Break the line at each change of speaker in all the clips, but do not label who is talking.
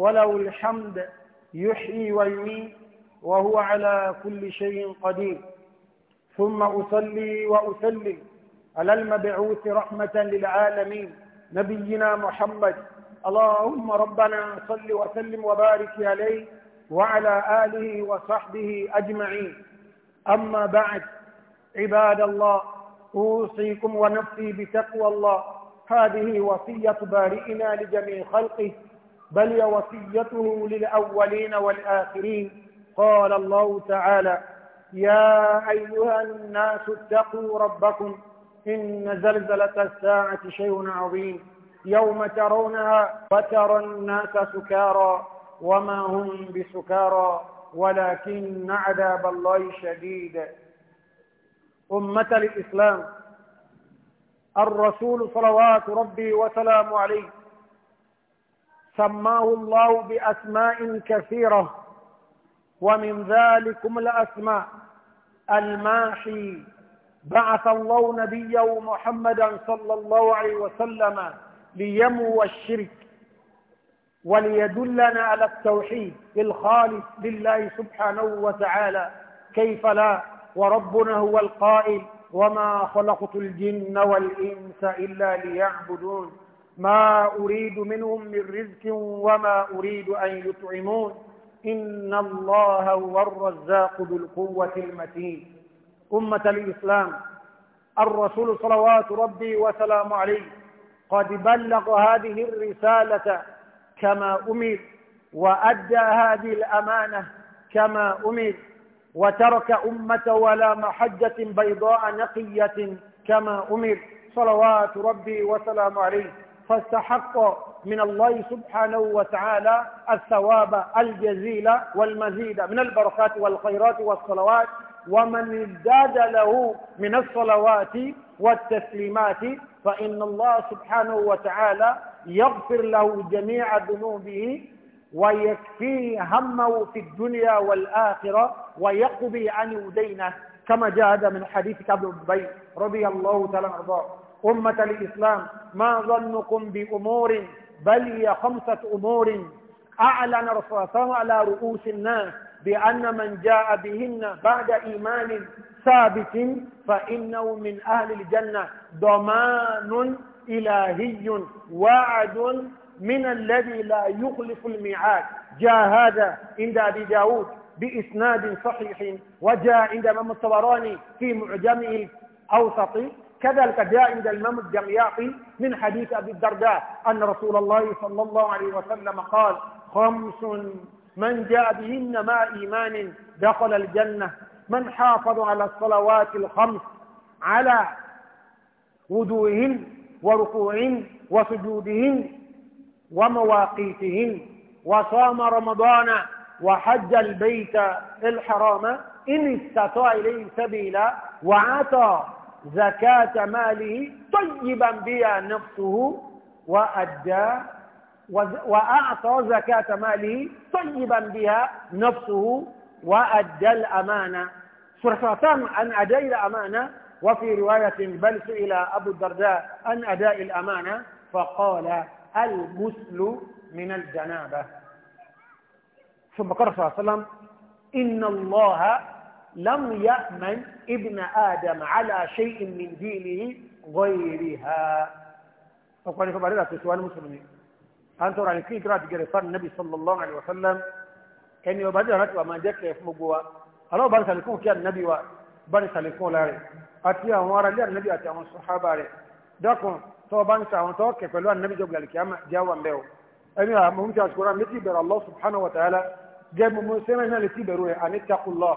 وله الحمد يحيي ويميت وهو على كل شيء قدير ثم أصلي وأسلم على المبعوث رحمة للعالمين نبينا محمد اللهم ربنا صل وسلم وبارك عليه وعلى آله وصحبه أجمعين أما بعد عباد الله أوصيكم ونفسي بتقوى الله هذه وصية بارئنا لجميع خلقه بل وصيته للأولين والآخرين قال الله تعالى يا أيها الناس اتقوا ربكم إن زلزلة الساعة شيء عظيم يوم ترونها وترى الناس سكارى وما هم بسكارى ولكن عذاب الله شديد أمة الإسلام الرسول صلوات ربي وسلام عليه سماه الله بأسماء كثيرة ومن ذلكم الأسماء الماحي بعث الله نبيه محمدا صلى الله عليه وسلم ليمو الشرك وليدلنا على التوحيد الخالص لله سبحانه وتعالى كيف لا وربنا هو القائل وما خلقت الجن والإنس
إلا ليعبدون ما أريد منهم من رزق وما أريد أن يطعمون إن الله هو الرزاق ذو القوة
المتين أمة الإسلام الرسول صلوات ربي وسلام عليه قد بلغ هذه الرسالة كما أمر وأدى هذه الأمانة كما أمر وترك أمة ولا محجة بيضاء نقية كما أمر صلوات ربي وسلام عليه فاستحق من الله سبحانه وتعالى الثواب الجزيل والمزيد من البركات والخيرات والصلوات ومن ازداد له من الصلوات والتسليمات فإن الله سبحانه وتعالى يغفر له جميع ذنوبه ويكفيه همه في الدنيا والآخرة ويقضي عنه دينه كما جاء هذا من حديث كعب بن رضي الله تعالى عنه أمة الإسلام ما ظنكم بأمور بل هي خمسة أمور أعلن رسول على رؤوس الناس بأن من جاء بهن بعد إيمان ثابت فإنه من أهل الجنة ضمان إلهي وعد من الذي لا يخلف الميعاد جاء هذا عند أبي داود بإسناد صحيح وجاء عند امام الطبراني في معجمه الأوسط كذلك جاء عند الإمام الجرياقي من حديث أبي الدرداء أن رسول الله صلى الله عليه وسلم قال خمس من جاء بهن مع إيمان دخل الجنة من حافظ على الصلوات الخمس على وضوئهن وركوعهن وسجودهن ومواقيتهن وصام رمضان وحج البيت الحرام إن استطاع إليه سبيلا وعطى زكاة ماله طيبا بها نفسه وأدى وأعطى زكاة ماله طيبا بها نفسه وأدى الأمانة فرصتان أن أدى الأمانة وفي رواية بل سئل أبو الدرداء عن أداء الأمانة فقال الغسل من الجنابة ثم قال صلى الله عليه وسلم إن الله لم يأمن ابن آدم على شيء من دينه غيرها فقال لك بعد ذلك سؤال مسلمين أنت رأي كي ترى تجرفان النبي صلى الله عليه وسلم كان يبادر رأيك وما جاك يفمقوا الله بارك لكم كان النبي وبارك لكم لاري أتيا وارا لي النبي أتيا والصحابة لي داكم تو بانك وان توكي فلو النبي جوب للكيامة جاوان بيو أنا مهم تشكرا التي بر الله سبحانه وتعالى جاب مسلمين التي بروه أن اتقوا الله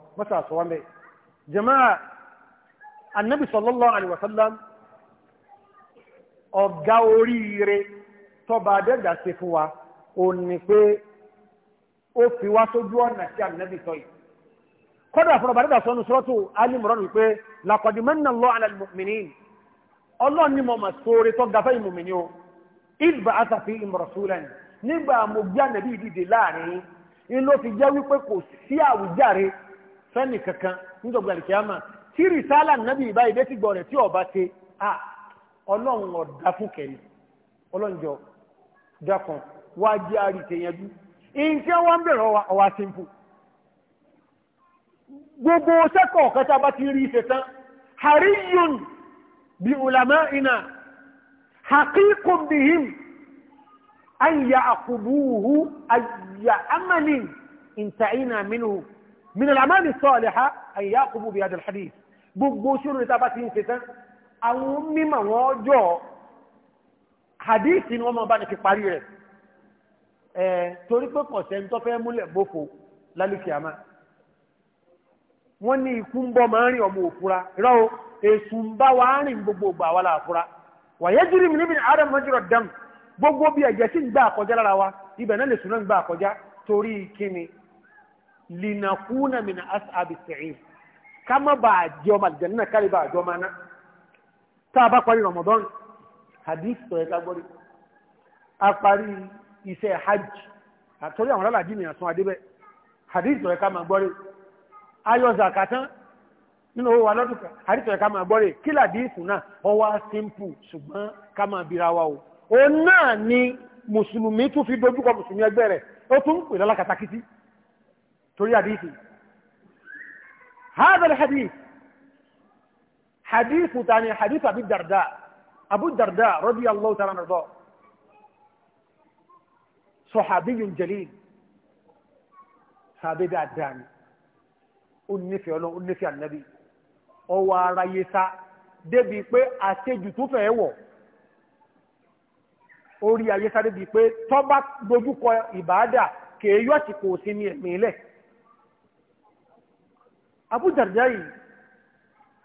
mọ́sà sọ wọ́n bẹ́ẹ̀ jama'a annabi sallallahu alaihi wasallam ọ̀gá oríire tọba adẹ́gbà ṣe fún wa ò ní pé ó fi wá sójú ọ̀nà sí annabi sọ yìí kọ́dà fún ọba adẹ́gbà sọ́nu suratu Ali Imran wípé laqad manna Allahu ala al-mu'minin ni mo mà sóore tó gafẹ́ ìmùmìnì o ìdìbò àtàfi ìmọ̀rọ̀sùlẹ̀ nígbà mo gbé ànàbí ìdìde láàrin yín ló fi jẹ́ wípé kò sí àwùjáre fẹ́ni kankan níjọba àlìkíyàmà tí rìsálà nàbì ìbáyìí bẹ́ẹ̀ ti gbọ́ rẹ̀ tí ọba ṣe à ọlọ́run ọ̀dà fún kẹ̀lé ọlọ́njọ dákan wá jẹ́ àrìtẹ̀yẹjú nǹkan wá ń bẹ̀rẹ̀ ọwà simple gbogbo sẹ́kọ̀ọ́ kẹta bá ti rí ìṣẹ̀tán hariyun bi ulama ina haqiqun bihim an ya akubuhu ayya amalin inta'ina من الأعمال الصالحة أن يأخذوا بهذا الحديث بوشور لتابتهم ستة أو مما وجو حديث وما بان في قريرة torí pé kọ̀sẹ̀ ń tọ́fẹ́ múlẹ̀ bófo lálùkì àmá wọ́n ní ikú ń bọ́ máa ń rìn ọmọ òfura rọ́ o èsù ń bá wa rìn gbogbo ògbà wà láàfura wàyé jírí mi níbi adam mọ́jọ́rọ̀ dam gbogbo bí ẹ̀jẹ̀ sí ń gbà àkọjá lára wa ibẹ̀ náà lè sùn náà ń gbà àkọjá torí kíni linakuna min ashabi sa'ir kama ba joma janna kali ba joma na tá bá parí ramadan hadith tó ẹ ká gbori a parí iṣẹ́ hajj àtòrí àwọn rala ji ni asun adebe hadith tó ẹ ká ma gbori ayo zakatan nínú owó wa lọ́dún kan hadith tó ẹ ká ma gbori kí hadith náà ó wà simple ṣùgbọ́n ká ma bira wa o náà ni mùsùlùmí tún fi dojúkọ mùsùlùmí ẹgbẹ́ rẹ̀ ó tún pè lọ́la katakiti torí àdífì هذا الحديث حديث تاني حديث أبي الدرداء أبو الدرداء رضي الله تعالى عنه صحابي جليل صحابي دعداني onífẹ́ ọlọ́run onífẹ́ ànábì ọwọ́ ara yé sá débi pé àṣejù tó fẹ́ wọ̀ orí ayé sá débi pé tọ́ba dojúkọ ìbáadà kèéyọ́ ti kò sí ní ẹ̀mí lẹ̀ abúdàrdá yìí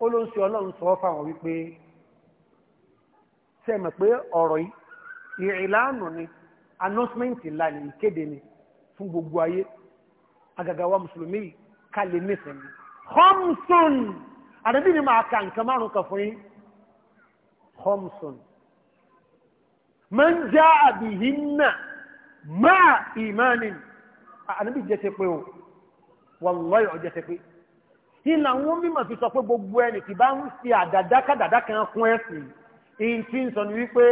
ó ló ń sọ ọlọ́run sọ fáwọn wípé ṣe pé ọ̀rọ̀ yìí ìlànà ni announcement ńlá ni ìkéde ni fún gbogbo ayé àgàgà wa mùsùlùmí ká lè nífẹ̀ẹ́ homson àdàbí ni máa ka nǹkan márùn kan fún yín homson man já àbìhínà máa ìmánì àdàbí jẹ́ ṣe pé o wàlláhì ọjọ́ ṣe ìlà wọn mímọ̀ fi sọ pé gbogbo ẹni tí bá ń fi àdàdákàdàdá kan kún ẹ̀sìn ìyìn tí ń sọ ní wípé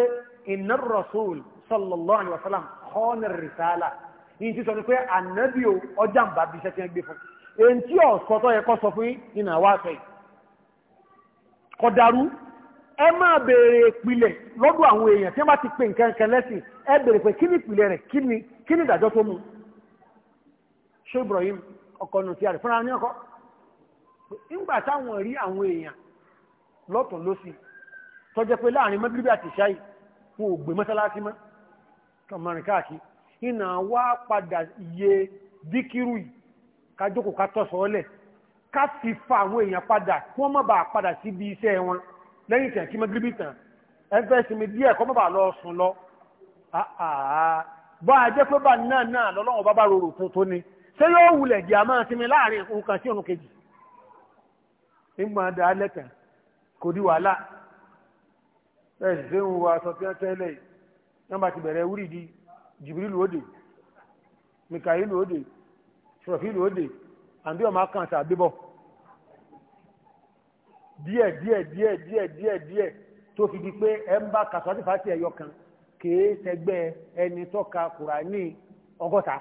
iná rasul sallallahu alaihi wasallam kọ́ọ̀nì rìsáàlà ìyìn tí sọ ní pé ànábì o ọjà ń bá bí iṣẹ́ tí wọ́n gbé fún èyí tí ọ̀sọ́ tó yẹ kọ́ sọ fún iná wá sọ yìí kọ̀dàrú ẹ máa béèrè ìpìlẹ̀ lọ́dọ̀ àwọn èèyàn tí wọ́n bá ti pè nǹkan kan lẹ́sìn ẹ béèrè pé kí ni ìpìlẹ̀ rẹ̀ kí ni ìdájọ́ tó mú ṣé Ibrahim ọkọ̀ nù ti àrẹ̀ ní ọkọ̀ nígbà táwọn rí àwọn èèyàn lọ́tún lọ́sì tọ́jẹ́ pé láàrin mọ́gírí àti ṣáì wọn ò gbé mọ́sálásí mọ́ kọmọrin káàkiri iná wá padà iye díkírù kájókò ká tọ́sọ́ọ́lẹ̀ ká fi fa àwọn èèyàn padà kí wọ́n má bàa padà síbi iṣẹ́ wọn lẹ́yìn tẹ̀ kí mọ́gírí tàn ẹgbẹ́ ìsinmi díẹ̀ kọ́ má bàa lọ sùn lọ bá a jẹ́ pé bá náà náà lọ́lọ́wọ́ bá bá rorò tó ní ṣé yóò wulẹ̀ jẹ́ àmọ́ sinmi láàrin nǹkan sí òun kejì nígbà dáa lẹ́tàn kò di wàhálà bẹ́ẹ̀ sì sẹ́yìn wa sọ fí wọ́n tẹ́lẹ̀ yìí ti bẹ̀rẹ̀ wúrì di jìbìrìlù òde mìkàílù òde sọ̀fílù òde àbí ọmọ akànṣà àbíbọ̀ díẹ̀ díẹ̀ díẹ̀ díẹ̀ díẹ̀ díẹ̀ tó fi di pé ẹ ń bá kàṣọ àti fàtì ẹ̀yọ kan kèé sẹgbẹ́ ẹni tọ́ka kùránì ọgọ́ta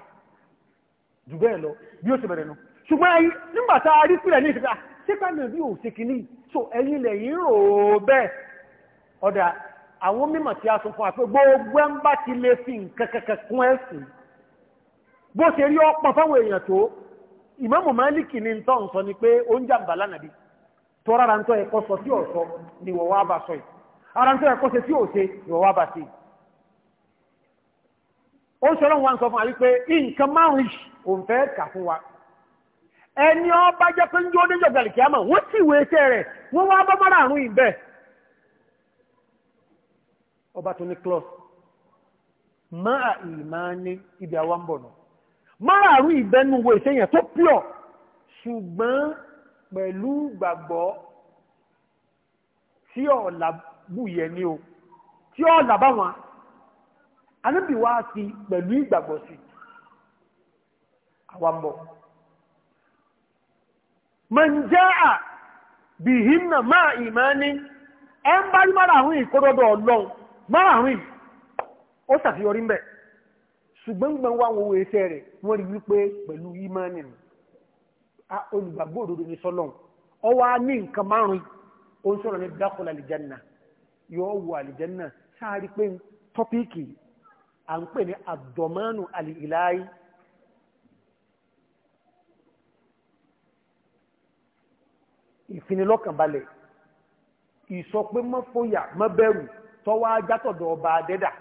jù bẹ́ẹ̀ lọ bí ó ti bẹ̀rẹ̀ nù ṣùgbọ́n nígbà tá a rí sílẹ̀ ní ìfẹ́ sípà nàbí ò sí kìíní so ẹ̀yìn lẹ̀yìn rò ó bẹ́ẹ̀ ọ̀dà àwọn mímọ̀ tí a sọ fún àpé gbogbo ẹ̀ ń bá ti lè fi nǹkan kankan kún ẹ̀sìn bó ṣe rí ọ̀pọ̀ fáwọn èèyàn tó ìmáàmù Málíkì ní tọ́ ń sọ ni pé ó ń jàǹbá lánàbí tó rárá ń tọ́ ẹ̀kọ́ sọ sí ọ̀sọ́ ni wọ́n wá bá sọ yìí ara ń tọ́ ẹ̀kọ́ ṣe sí òṣe ni wọ́n wá bá sí ó ń sọ lọ́wọ́ wa ń sọ fún wa wípé nǹkan márùn-ún òun kà fún wa ẹni ọba jẹ́ pé ń jó ní jọ̀gbẹ̀lì kíámà wọ́n sì wé iṣẹ́ rẹ̀ wọ́n wá bá mọ́ra àrùn ìbẹ̀ ọba tó ní klọ́s máa ìmá ní ibi àwọn ń bọ̀nà mọ́ra àrùn ìbẹ̀ nu wo iṣẹ́ yẹn tó pure ṣùgbọ́n pẹ̀lú gbàgbọ́ tí ọ̀la bùyẹ ni o tí ọ̀la bá wọn anábìwá sí pẹ̀lú ìgbàgbọ́ sí àwọn ń bọ̀. man jaa bihinna ma ìmáni ẹ ń bá rí márààrún ìkọ́dọ́dọ̀ ọlọ́run márààrún ó ṣàfihàn ń bẹ̀ ṣùgbọ́n gbọ́n wá owó iṣẹ́ rẹ̀ wọ́n rí wípé pẹ̀lú ni olùgbàgbọ́ ọ ìfinilọ́kànbalẹ̀ ìsọpé mọ́fóyà mọ́bẹ̀rù tọ́wọ́ ajátọ̀dọ̀ ọba adẹ́dà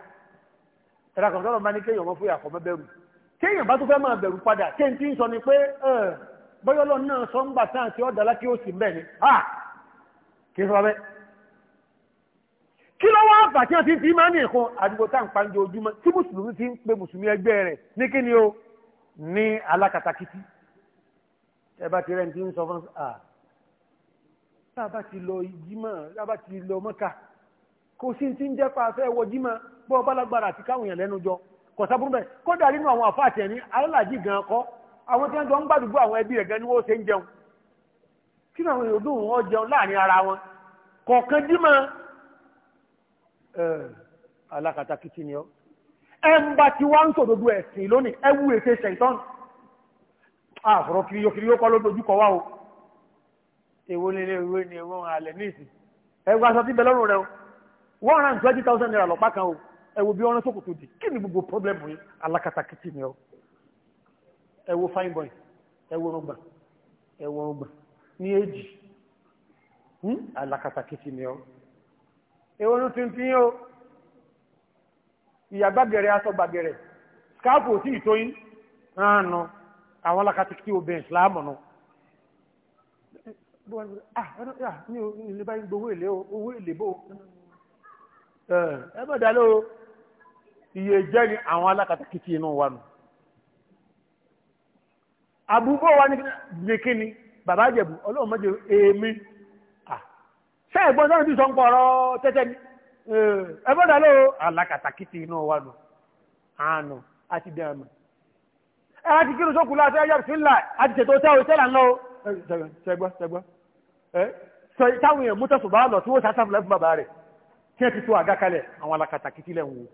ẹ̀rọ kan sọ́dọ̀ bá ní kéèyàn mọ́fóyà kọ́ mọ́bẹ̀rù kéèyàn bá tó fẹ́ máa bẹ̀rù padà kéèyàn tí ń sọ ni pé bọ́yọ́lọ́ náà sọ ń gbà tán àti ọ̀dà lákì ó sì ń bẹ̀ ni kí sọ bẹ́ẹ̀ kí ló wá àfà tí wọ́n ti fi tí ń pe mùsùlùmí ẹgbẹ́ rẹ̀ ní kí ni o ní alákatakítí ẹ bá ti rẹ̀ sọ fún ah tábà ti lọ jímọ̀ tábà ti lọ mọ́ka kò sí ti ń jẹ́pà fẹ́ wọ jímọ̀ bọ́ ọba lágbára àti káwọn èèyàn lẹ́nu jọ kò sábúrú bẹ́ẹ̀ kódà nínú àwọn àfa àti gan kọ́ àwọn tí wọ́n jọ àwọn ẹbí rẹ̀ gan ni wọ́n ṣe ń jẹun kí àwọn èèyàn dùn wọ́n jẹun láàrin ara wọn kọ̀ọ̀kan jímọ̀ alákatakítí ni ọ́ ẹ ń bá ti èwo nílé ìwé ni èwo alẹ́ ní ẹgbẹ́ aṣọ tí bẹ̀lọ́rùn rẹ one twenty thousand naira lọ́pàá kan o ẹ bí ọ̀rán sókòtò dì kí ni gbogbo pọ́blẹ́mù yìí alákatakítì ni ọ ẹ fine boy ẹ wo rọgbà ẹ ní èjì hmm? alákatakítì ni ọ èwo ní tuntun o ìyá gbàgẹ̀rẹ̀ aṣọ gbàgẹ̀rẹ̀ skáàpù ò tí ì ránà àwọn alákatakítì obìnrin ìsìlámù náà. bó wà ní ah ní ah, báyìí gbowó èlé o owó èlé bó ẹ bá dá lóo iye jẹ́ ni àwọn alákatakítí inú wa nù àbúgbò wa ní gbèkíní bàbá jẹ̀bù ọlọ́run mọ́jẹ̀ èémí ṣẹ́ ẹ̀gbọ́n sọ́run tí sọ ń pọ̀rọ̀ tẹ́tẹ́ ní ẹgbọ́dà ló inú wa nù àánú àti Eh? táwọn èèyàn mútẹ̀sù bá lọ tí wọ́n sàtàfilẹ̀ fún bàbá rẹ̀ kí ẹ ti tó àga kalẹ̀ àwọn alakatakiti lẹ́ ń wo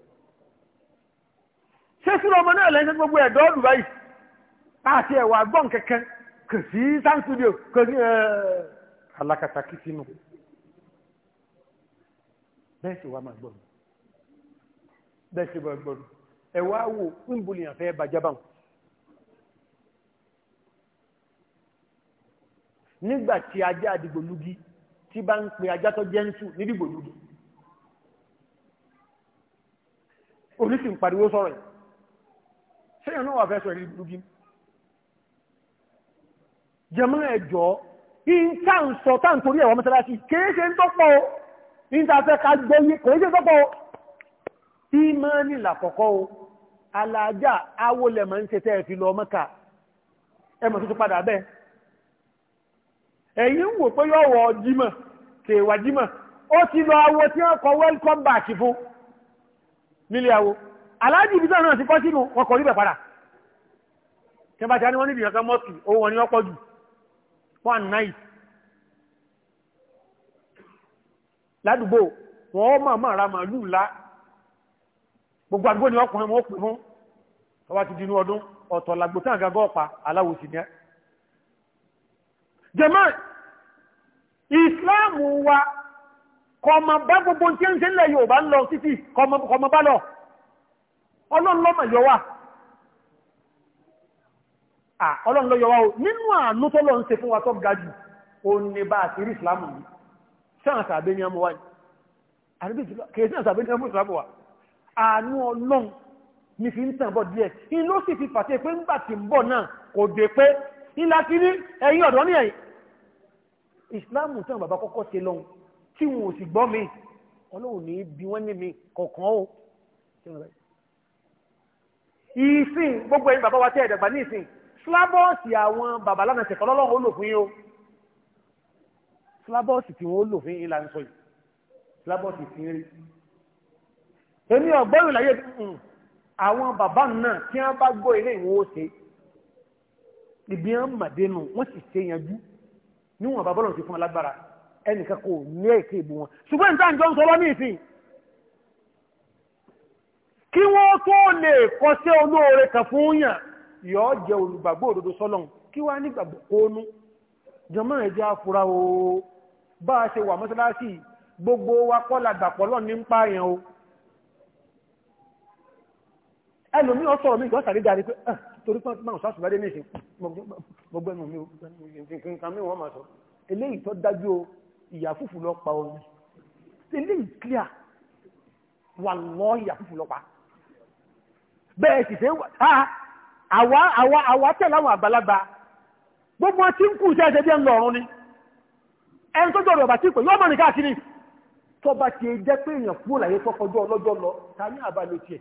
ṣé sínú ọmọ náà lẹ́yìn gbogbo ẹ̀dọ́ ọ̀dù báyìí àti ẹ̀wà gbọ́n kẹ̀kẹ́ kò sí sound studio kò sí eh, alakatakiti nù bẹ́ẹ̀ sì wá máa gbọ́n bẹ́ẹ̀ sì wá gbọ́n ẹ̀wà wo ń bolìyàn fẹ́ bàjẹ́ báwọn nígbà tí ajá àdìgbòlugi tí bá ń pe ajá tó jẹ́ ń sùn ní dìgbòlugi oníṣìí ń pariwo sọ̀rọ̀ yìí sẹ́yìn náà wà fẹ́ sọ̀rọ̀ dìgbòlugi jẹ́mọ́ ẹ̀jọ́ ìta ń sọ tá ń torí ẹ̀wọ̀ mọ́sálásí kéèṣe ń tọ́pọ̀ o ìta fẹ́ ká gbẹ́yé kéèṣe ń tọ́pọ̀ o ìmánì làkọ̀kọ́ o alájà awolẹ̀ máa ń ṣe tẹ́ fi lọ mọ́ka ẹ̀ mọ̀ padà bẹ́ẹ̀ ẹ̀yin ń wò pé yóò wọ jímọ̀ kèwà jímọ̀ ó ti lọ awo tí wọ́n kọ welcome back fún nílé awo aláàjì ibi náà ti kọ́ sínú wọn kọ̀ níbẹ̀ padà tí wọ́n bá ti á ní wọ́n níbi ìyànkan owó wọn ni wọ́n pọ̀ one night ládùúgbò wọn máa máa ra màálù ńlá gbogbo àdúgbò ni ọkùnrin wọn pè fún ọba ti dinú ọdún ọ̀tọ̀ làgbò tán àgagọ́ ọ̀pá ìsìláàmù wa kọmọ bá gbogbo tí ń ṣe ilẹ̀ Yorùbá ń lọ títí kọmọ bá lọ ọlọ́nlọ́mọ̀ yọ wá ọlọ́nlọ́ yọ wá o nínú àánú tó lọ ń ṣe fún wa tó ga jù ó ní bá àti rí ìsìláàmù yìí sáà sàbẹ́ ní ọmọ wa ni kèsì náà sàbẹ́ ní ọmọ ìsìláàmù wa àánú ìsìláàmù tí wọn bàbá kọ́kọ́ ṣe lọ́hùn tí wọn ò sì gbọ́ mi ọlọ́run ní bí wọ́n ní mi kọ̀ọ̀kan o. ìsìn gbogbo ẹ̀yin bàbá wa tẹ́ ẹ̀dẹ̀gbà ní ìsìn sílábọ̀ọ̀sì àwọn bàbá lánàá ṣẹ̀kọ́ lọ́lọ́run ó lò fún yín o sílábọ̀ọ̀sì tí wọ́n ó lò fún yín là ń sọ yìí sílábọ̀ọ̀sì ti rí. èmi ọ̀gbọ́n ìlàyé mm, àwọn bàbá náà tí wọ́n bá gbọ́ ilé ìwọ̀n ó ṣe ìbí wọn màdénù wọ́n sì ṣe yanjú níwọ̀n bá bọ́lọ̀ ti fún alágbára ẹnìkan kò ní èké ìbò wọn ṣùgbọ́n ìta ìjọ ń sọ lọ́ní ìsìn kí wọ́n tó lè kọsẹ́ olóore kan fún yàn yọ́ jẹ olùgbàgbọ́ òdodo sọ́lọ́n kí wá nígbàgbọ́ kónú jọmọ́ ẹ̀jẹ̀ afura o bá a ṣe wà mọ́sálásì gbogbo wa kọ́ la gbàpọ̀ lọ ní pààyàn o ẹlòmí ọ sọ̀rọ̀ mi ìgbọ́sàrí dáadé pé ah torí pé máa sọ́sù bá dé ní ìsìn gbogbo ẹnu mi nǹkan mi wọ́n máa sọ eléyìí tó dájú o ìyá fùfù lọ pa omi eléyìí clear wà lọ ìyá fùfù lọ pa bẹ́ẹ̀ sì fẹ́ àwa àwa àwa tẹ̀lé àwọn àgbàlagbà gbogbo ọtí ń kú iṣẹ́ ẹ̀ṣẹ̀ bí ẹ̀ ń lọ ọ̀run ni ẹni tó jọ̀rọ̀ bàtí pé yọ́mọ̀ ní káàkiri tó bá ti jẹ́ pé èèyàn kúrò láyé tó kọjú ọlọ́jọ́ lọ ta ní àbálò tiẹ̀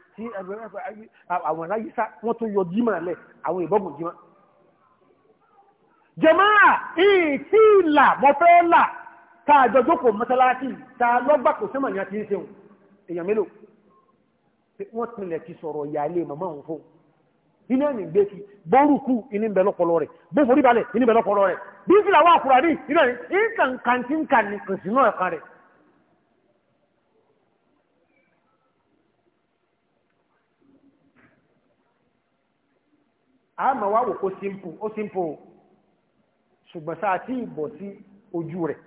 sí àwọn aláyísá wọ́n tún yọ jímà lẹ̀ àwọn ìbọ́gùn jímà jẹmáà ìtí ìlà mọ́fẹ́ là tààjọ jókò mọ́sálásí ta lọ́gbà kò sẹ́mà ní àti ìṣẹ́hùn èèyàn mélòó wọ́n tilẹ̀ ti sọ̀rọ̀ ìyáálé màmá òun fún iná ní gbé kí bọ́rùkú iní ń bẹ lọ́pọ̀lọ́ rẹ̀ bó forí balẹ̀ iní ń rẹ̀ bí fìlà wà fúra ní ní kìsìnà ẹ̀ka a mọ̀ wá wò kó simple ó simple ṣùgbọ́n sáà tí ìbọ̀ sí ojú rẹ̀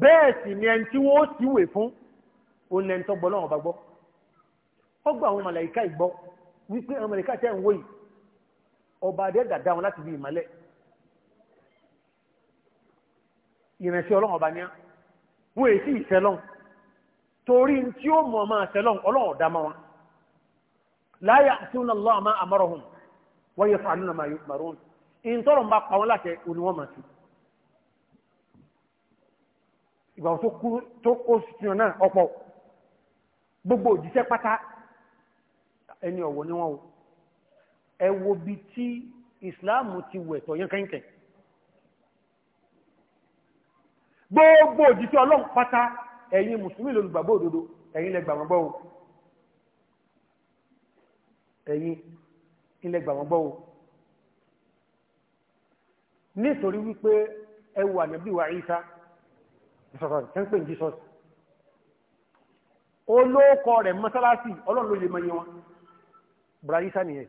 bẹ́ẹ̀ sì ni ẹni tí wọ́n ti wè fún òun lẹ́ni tó gbọ́ lọ́wọ́ bá gbọ́ ó gbọ́ àwọn màláíkà ìgbọ́ wípé àwọn màláíkà tẹ́ ń wò yìí ọba adé dàda wọn láti bí ìmọ̀lẹ̀ ìrìnsẹ̀ ọlọ́run ọba ní á wọ́n èsì ìṣẹ́lọ́n torí tí ó mọ̀ ọmọ àṣẹlọ́n ọlọ́run ọ̀dá máa wọn. la ya'tuna Allah ma amarahum wa yaf'aluna ma yu'marun in tọ́rọ̀ ń bá pa wọn láti oní wọn gbogbo òjíṣẹ́ pátá ẹni ni wọ́n o bi tí ìsìláàmù ti wẹ̀ tọ̀ gbogbo òjíṣẹ́ ọlọ́run pátá ẹ̀yin mùsùlùmí òdodo ẹ̀yin lẹ ẹ̀yin ilẹ̀ gbà wọ́n gbọ́ o nítorí wípé ẹ wà níbi ìwà Ìsá tẹ́ńpẹ̀ Jesus olóòkọ rẹ̀ mọ́sálásì ọlọ́run ló lè mọ iye wọn bùrà Ìsá nìyẹn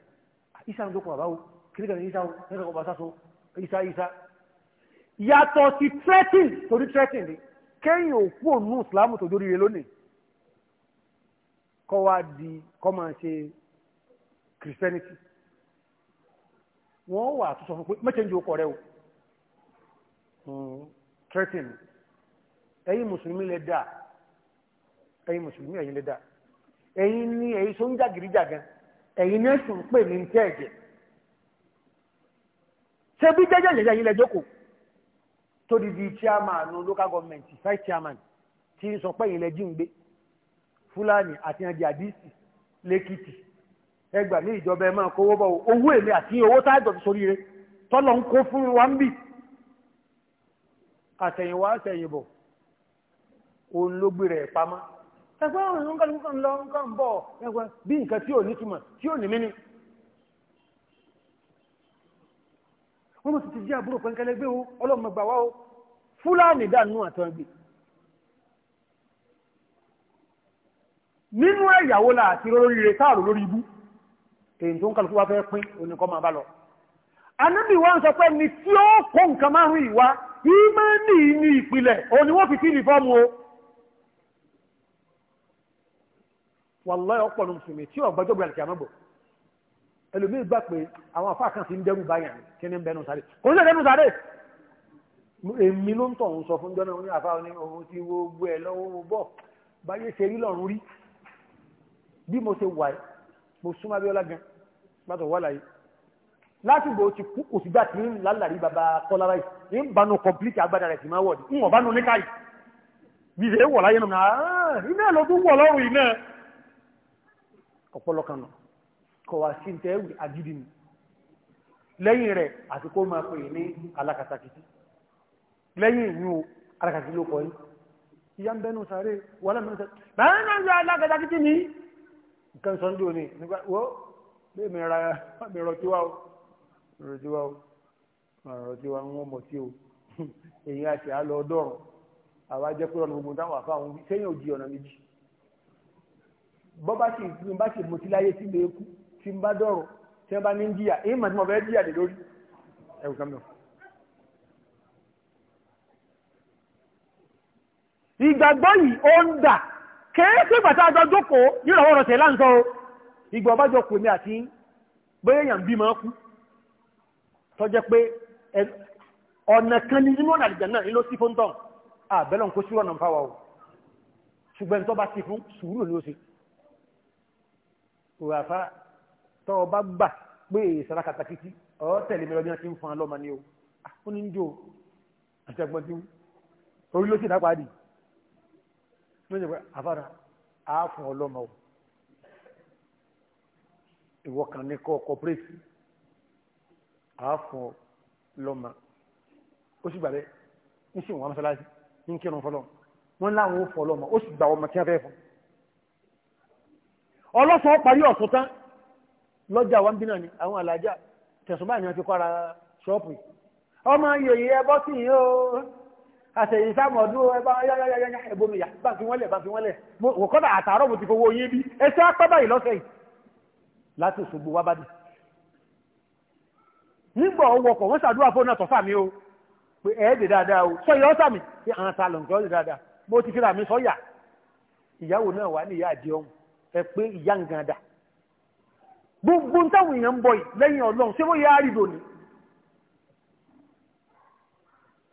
Ìsá ń dókun àbáwo kíríkà ní Ìsá o kíríkà ọba sáso Ìsá Ìsá yàtọ̀ sí threatening torí threatening ni kẹ́yìn òkú òun ní ìsìlámù tó dórí rẹ lónìí kọ́ wá di kọ́ máa ṣe christianity wọ́n wà tó sọ fún pé mẹ́tẹ̀ẹ́jì okọ̀ rẹ̀ o hmm, threaten ẹ̀yin mùsùlùmí lè dà ẹ̀yin mùsùlùmí ẹ̀yin lè dà ẹ̀yin ní ẹ̀yin tó ń jàgìrìjàgan ẹ̀yin ní ẹ̀sùn pè ní ń tẹ́ ẹ̀jẹ̀ ṣé bí jẹ́jẹ́ ìjẹ́jẹ́ yìí lẹ́jọ́ kò tó di di chairman local government vice chairman tí ń sọ pé ìlẹ́jì ń gbé fúlàní àti àjẹ́ àdìsí lẹ́kìtì ẹgbà ní ìjọba ẹ máa kówó bọ̀ owó èmi àti owó tá àjọ sórí rẹ tọ́lọ̀ ń kó fún wa ń bì àtẹ̀yìnwá àtẹ̀yìnbọ̀ òun ló gbé rẹ̀ pamọ́ ẹgbẹ́ òun ń kọ́ni ń lọ ń kọ́ ń bọ̀ ẹgbẹ́ bí nǹkan tí ò ní túmọ̀ tí ò ní mí ni. wọ́n mọ̀ sí ti àbúrò pẹ́ńkẹ́lẹ́ gbé o ọlọ́mọ gbà wá o fúlàní dànù àtọ́ gbé. nínú ẹ̀yàwó la àti lórí rẹ̀ sáàrò lórí ibú èyí tó ń kálukú wá fẹ́ pín oníkọ́ máa bá lọ. anábì wa ń sọ pé ni tí ó kó nǹkan márùn ìwá ìmánì ní ìpìlẹ̀ òun ni wọ́n fi fíìlì fọ́ọ̀mù o. wàlláhì ọ̀pọ̀ ní mùsùlùmí tí ọ̀gbọ́jọ́ bẹ̀rẹ̀ kìá mọ́bọ̀ ẹlòmíì gbà pé àwọn afá kan fi ń dẹ́rù báyàn kí ni ń bẹnu sáré kò ń sẹ́nu sáré èmi ló ń tọ̀ ń sọ fún jọ́nà oníyàfá ní ohun tí wo gbé ẹ lọ́wọ́ bọ̀ báyé ṣe rí lọ́rùn rí bí mo ṣe wà mo súnmọ́ Abíọ́lá gan-an gbàtọ̀ wà láyé láti gbò ti kú kò sígbà tí ń lálàrí bàbá kọ́lá báyìí ń bánu kọ̀m̀plìtì agbára rẹ̀ ti máa wọ̀dì ń wọ̀ bánu níkà yìí bìrẹ̀ wọ̀ láyé nù náà ah, iná ló tún wọ̀ lọ́rùn iná ọ̀pọ̀lọ kan nù kọ̀ wá sí tẹ́ wì agídí ni lẹ́yìn rẹ̀ àti kó máa pè ní alákatakìtì lẹ́yìn ìyún alákatakìtì ló kọ́ yìí ìyá ń bẹ́nu sáré wàhálà bí mi ra mi rọtí wá o rọtí wá o rọtí wá wọn mọ tí o èyí àti àlọ ọdọrùn àwa jẹ pé ọ̀nà gbogbo táwọn àfa àwọn sẹ́yìn òjì ọ̀nà méjì bọ́ bá sì ń bá sì mutí láyé tí mi kú tí n bá dọ̀rọ̀ tí wọ́n bá ní ń jìyà èyí mà tí mo fẹ́ jìyà lè lórí ẹ̀rù kan mẹ́wàá. ìgbàgbọ́ yìí ó ń dà kéé sí ìgbà tá a jọ tẹ̀ láǹtọ́ ìgbà ọbájọ kò ní àti bóyá èèyàn bí máa kú tọ́jẹ́ pé ọ̀nà kan ní nínú ọ̀nà àlìjẹ̀ náà ló sí fún tán àbẹ́lọ̀ kó sí ọ̀nà fáwà o ṣùgbọ́n tó bá ti fún sùúrù ní ó sì òwàfá tọ́ ọba gbà pé ìsara katakiti ọ́ tẹ̀lé mi lọ́jọ́ ń fún alọ́mà ní o ó ní jò àtẹ̀gbọ́n tí orí ló sì dápàdì ló pé àfàrà àáfọ̀ ọlọ́mà ìwọ kan ní kọ́ kọ́pẹ́rẹ́tì àáfọ̀ lọ́mà ó sì gbàgbé ń sì wọ́n mọ́sálásí ń kírun fọlọ́ wọ́n láwọn ó fọ́ lọ́mà ó sì gbà ọmọ kí wọ́n fẹ́ fún. ọlọ́sàn-án parí ọ̀sùn tán lọ́jà wa ń bí náà ni àwọn àlàjá tẹ̀sùn báyìí ni wọ́n fi kọ́ ara ṣọ́ọ̀pù ọmọ yòyè ẹbọ sí yìí ó àtẹ̀yìn sáàmọ̀dún ẹbá yáyáyáyá ẹbọmìyà bá fi wọ́n lẹ̀ bá fi wọ́n lẹ̀ wọ́kọ́dà àtàárọ̀ mo ti fowó yín bí ẹsẹ́ apá báyìí lọ́sẹ̀ yìí láti Òṣogbo wá bá dì nígbà ọwọ́kọ̀ wọ́n ṣàdúrà fún náà tọ́fà mi o pé ẹ̀ẹ́dẹ̀ dáadáa o sọ́yà ọ́sà mi pé àwọn ta lọ́nkẹ́ ọ́dẹ̀ dáadáa bó ti kíra mi sọ́yà ìyàwó náà wà ní ìyá àdí ọ̀hún ẹ pé ìyá ń ganda gbogbo táwọn èèyàn ń bọ̀ yìí lẹ́yìn ọlọ́run ṣé wọ́n yá àrídò ni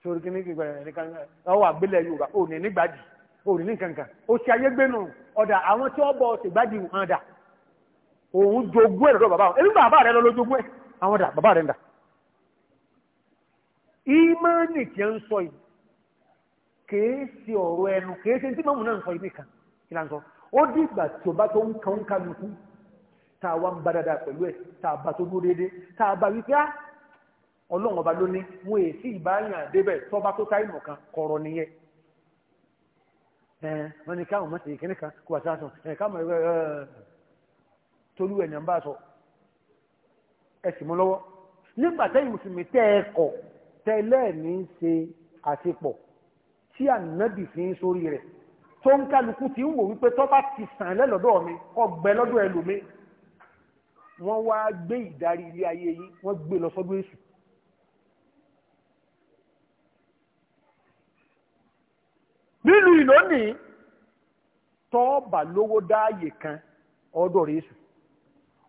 sori kí ni kí gbẹ̀rẹ̀ nìkan ọwọ́ àgbélẹ̀ Yorùbá ò ní nígbàdì ò ní nìkankan ó ṣe ayé gbénu ọ̀dà àwọn tí wọ́n bọ̀ ṣègbàdì òun jogún ẹ̀rọ bàbá wọn ẹ̀rọ bàbá rẹ̀ lọ lójogún ẹ̀ àwọn dà bàbá rẹ̀ ń dà ìmọ̀ọ́nì tí ń sọ yìí kìí ṣe ọ̀rọ̀ ẹnu kìí ṣe tí mọ́mù náà ń sọ yìí nìkan kí la ń sọ ó dì ìgbà tí ó bá tó ń kan ń ka tá a wá ń bá dáadáa pẹ̀lú ẹ̀ tá a bá tó dúró déédé tá a bá wípé á ah, ọlọ́run ọba ló ní mo è sí ìbáyàn àdébẹ̀ tó bá tó táìmù kan kọ̀rọ̀ nìyẹn ẹ̀ wọ́n ní káwọn mọ̀ sí ìkíní kan kó wà sí àṣọ ẹ̀ káwọn ẹ̀ tolú ẹ̀ ní à ń bá sọ ẹ sì mú lọ́wọ́ nígbà tẹ́yìn mùsùlùmí tẹ́ ẹ kọ̀ tẹ́lẹ̀ ní í ṣe àṣepọ̀ tí ànábì fi ń sórí rẹ̀ tó ń kálukú ti ń wò wípé tó bá ti sàn lẹ́lọ́dọ̀ mi ọgbẹ́ lọ́dọ̀ ẹlòmí wọ́n wá gbé ìdarí ilé ayé yìí wọ́n gbé lọ sọ́dún èṣù. nínú ìlónìí tọ́ọ̀bà lówó dáàyè kan ọ̀dọ̀ rẹ̀ èṣù.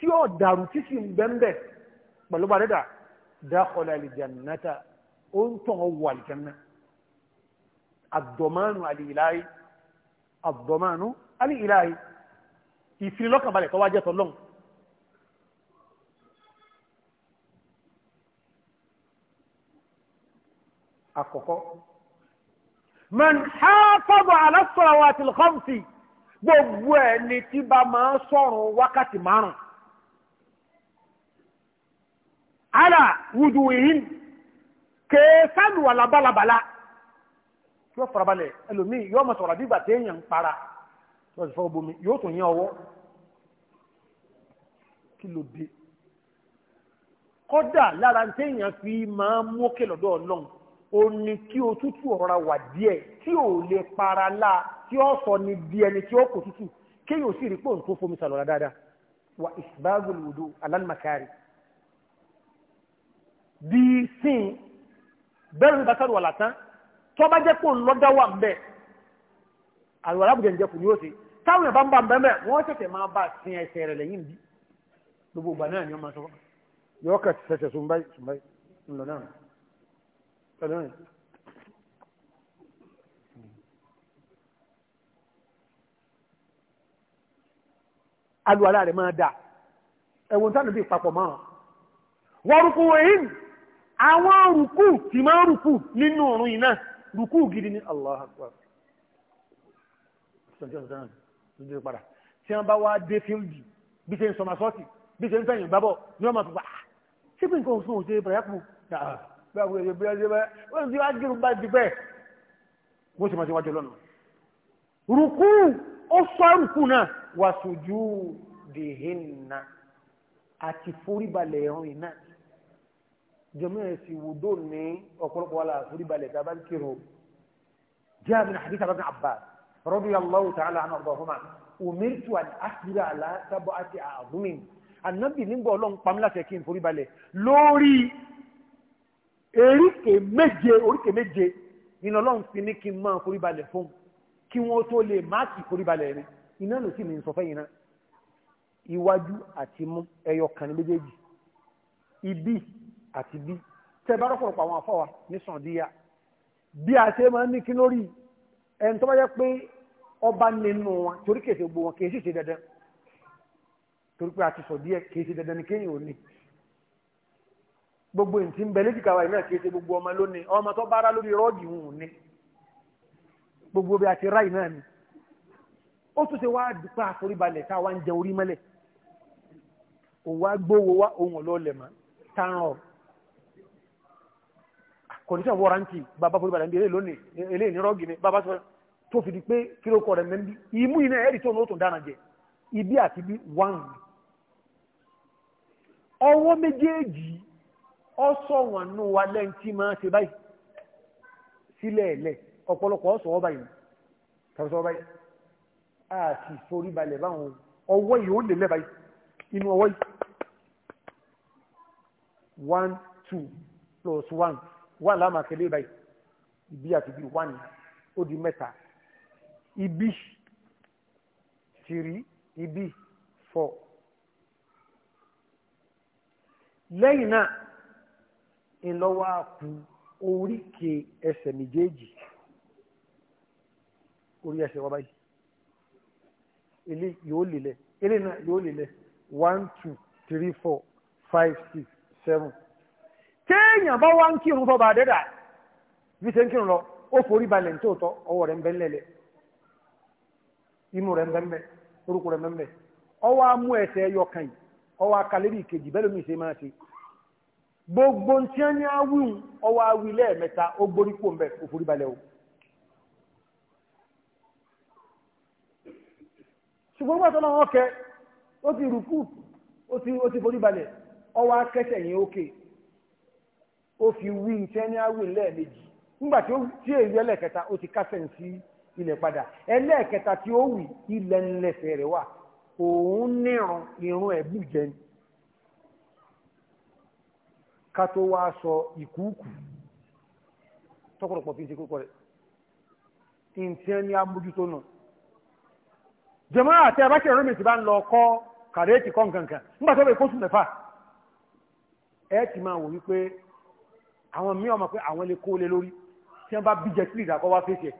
tí ó dàrú tí sì ń bẹ́ńbẹ́ pẹ̀lú bá dẹ́dà dákọ̀lá àlìjànnáta ó ń tàn wọ àlìjànná àdọ̀mánu àlìláyé àdọ̀mánu àlìláyé ìfinilọ́kànbalẹ̀ tó wá jẹ́ tọ́lọ́n àkọ́kọ́ man hafaza ala salawati al-khamsi gbogbo ẹni tí bá máa sọ̀rọ̀ wákàtí márùn-ún ala wuduhin kẹsàlù wà labalabala yóò farabalẹ̀ ẹlòmíì yóò mọ̀ sọ̀rọ̀ bígbà tí èèyàn ń para yóò sì fọwọ́ bomi yóò tún yẹn ọwọ́ kí ló dé kọ́dà lára tí èèyàn fi máa mú òkè lọ́dọ̀ ọlọ́run ó ní kí o tútù ọ̀rọ̀ wà díẹ̀ tí ò lè para lá tí ó sọ ní bí ẹni tí ó kò tútù kéèyàn ò sì rí pòun tó fomi sàlọ̀ dáadáa wa ìsìbáàgùn lòdò alálùmọ̀kárì bí sin bẹ́ẹ̀ ní bàtàrù wà látán tó bá jẹ́ kó lọ́dá wà mbẹ́ àlùwà lábùjẹ́ ìjẹ́ kù ní òsè táwọn yàrá bá ń bá mbẹ́ wọ́n tẹ̀tẹ̀ máa bá sin ẹsẹ̀ rẹ̀ lẹ́yìn bí gbogbo ìgbà náà ni wọ́n máa sọ yọ kà sẹsẹ̀ sùn báyìí sùn báyìí ńlọ náà tọ́lọ́ yẹn. àlùwà láàrẹ̀ máa dà ẹ̀wọ̀n tánàbí papọ̀ máa wọ́n rúkú wẹ̀yìn àwọn rùkú tí máa rùkú nínú òrùn iná rùkú gidi ní Allah akbar tí wọ́n bá wá dé fíldì bí ṣe ń sọmọ sọ́tì bí ṣe ń fẹ̀yìn bábọ̀ ní ọmọ fífà ṣí pín kọ́ fún òṣèré bẹ̀rẹ̀kù rùkú ó sọ rùkú náà wà sójú dìhìn náà àti foríbalẹ̀ ẹ̀rùn náà jọmọ ẹsì wùdó ní ọ̀pọ̀lọpọ̀ wàlà àforíbalẹ̀ tá a bá ń kírun jẹ́ àmì hadith abdul abbas radiyallahu ta'ala anhu ọ̀dọ̀húnmá umirtu an asbira ala sab'ati a'zumin annabi nígbà ọlọ́run pamela tẹ̀ kí n foríbalẹ̀ lórí eríkè méje oríkè méje nínú ọlọ́run fi ní kí n máa foríbalẹ̀ fún kí wọ́n tó lè máàkì foríbalẹ̀ rẹ̀ iná ló sì ní sọ fẹ́ iná iwájú àti mú ẹyọ kan méjèèjì ibi àti bí tẹ́ bá rọ́pọ̀lọpọ̀ àwọn afọ́wà ní sàndíyà bí a ṣe máa ń ní kí lórí ẹni tó bá jẹ́ pé ọba nínú wọn torí kèsè gbogbo wọn kèsì ṣe dandan torí pé a ti sọ díẹ̀ kèsì dandan ni kéèyàn ò ní gbogbo ìtì ń bẹ léjìká wa ìnáà kèsè gbogbo ọmọ lónìí ọmọ tó bára lórí rọ́ọ̀dì ń ní gbogbo bí a ti ráì náà ni ó tún ṣe wá dùpá àforíbalẹ̀ tá a wá ń jẹ orí mọ́lẹ̀ òun wá gbówó wá òun ọ̀lọ́ọ̀lẹ̀ mọ́ tá a ràn condition warranty bàbá forí balẹ̀ ń bí eléyìí lónìí eléyìí ní rọ́ọ̀gì ni bàbá sọ tó fi di pé kí ló kọ rẹ̀ mẹ́bí imú iná ẹ̀rì tó ní dára jẹ ibi àti bí one ọwọ́ méjèèjì ọ̀sọ̀ wọn nù wa lẹ́yìn tí máa ṣe báyìí sílẹ̀ ẹ̀lẹ̀ ọ̀pọ̀lọpọ̀ ọ̀sọ̀ ọba yìí tàbí sọ a sì forí balẹ̀ báwọn ọwọ́ yìí ó lè lẹ́ báyìí one two plus one one láàmà kẹlẹ́ báyìí ibi àti ibi one ó di mẹ́ta ibi three ibi four lẹ́yìn náà ìlọ́wọ́ àkú oríkè ẹsẹ̀ méjèèjì orí ẹsẹ̀ wọ́n báyìí ilé yóò lélẹ̀ ilé náà yóò lélẹ̀ one two three four five six seven téèyàn bá wá ń kírun fọ́ bá dẹ́dà bí ṣe ń kírun lọ ó forí balẹ̀ nlele tòótọ́ ọwọ́ rẹ̀ ń bẹ́ ńlẹ̀lẹ̀ imú rẹ̀ ń bẹ́ ńbẹ́ orúkọ rẹ̀ ń bẹ́ ńbẹ́ ọwọ́ á mú ẹsẹ̀ gbogbo tí wọ́n ní ọwọ́ awí ó gborí pò ó forí ó fi wí iṣẹ́ ní àwì lẹ́ẹ̀mejì nígbà tí èyí ẹlẹ́ẹ̀kẹta ó ti kásẹ̀ sí ilẹ̀ padà ẹlẹ́ẹ̀kẹta tí ó wì ilẹ̀ ńlẹ̀fẹ̀ rẹ̀ wà òun nírun irun ẹ̀bù jẹ ká tó wá sọ ìkúùkù tọkọ̀rọ̀pọ̀ fi ń ṣe kókó rẹ̀ ìǹtẹ́ ní amójútó àti abákẹ́ ti bá ń lọ kọ́ kàrẹ́ẹ̀tì kọ́ nígbà tó mẹ́fà ẹ ti máa àwọn míì ọmọ pé àwọn lè kó lé lórí tí wọ́n bá bíjẹ sí ìdàkọ́ wá fèsì ẹ̀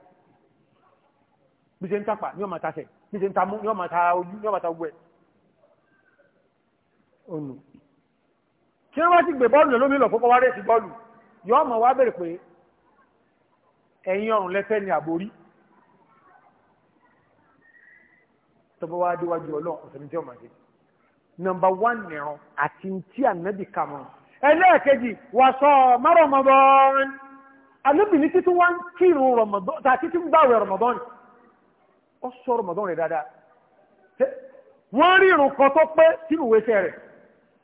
bí ṣe ń tàpá ní ọmọ tasẹ̀ bí ṣe ń tamú ní ọmọ ta ojú ní ọmọ ta gbẹ ọ̀nù tí wọ́n bá ti gbé bọ́ọ̀lù lómi lọ fọ́kọ́ wá rẹ̀ sí bọ́ọ̀lù yọ ọmọ wá bẹ̀rẹ̀ pé ẹ̀yìn ọ̀rùn lẹ́fẹ́ ni àborí tọ́bọ̀ wá déwájú ọlọ́run ọ̀sẹ̀ ní tí ọmọ ṣe nọmba wán nìran àti tí ànábì kàmọ́ràn ẹlẹ́ẹ̀kejì wàṣọ márọ̀mọ́dọ́n alóbìnrin títí wọ́n kírun rọ̀mọ́dọ́n tàbí títí ń gbàwẹ̀ rọ̀mọ́dọ́n ó sọ rọ̀mọ́dọ́n rẹ̀ dáadáa wọ́n rí irun kan tó pé sínú ìwéṣẹ́ rẹ̀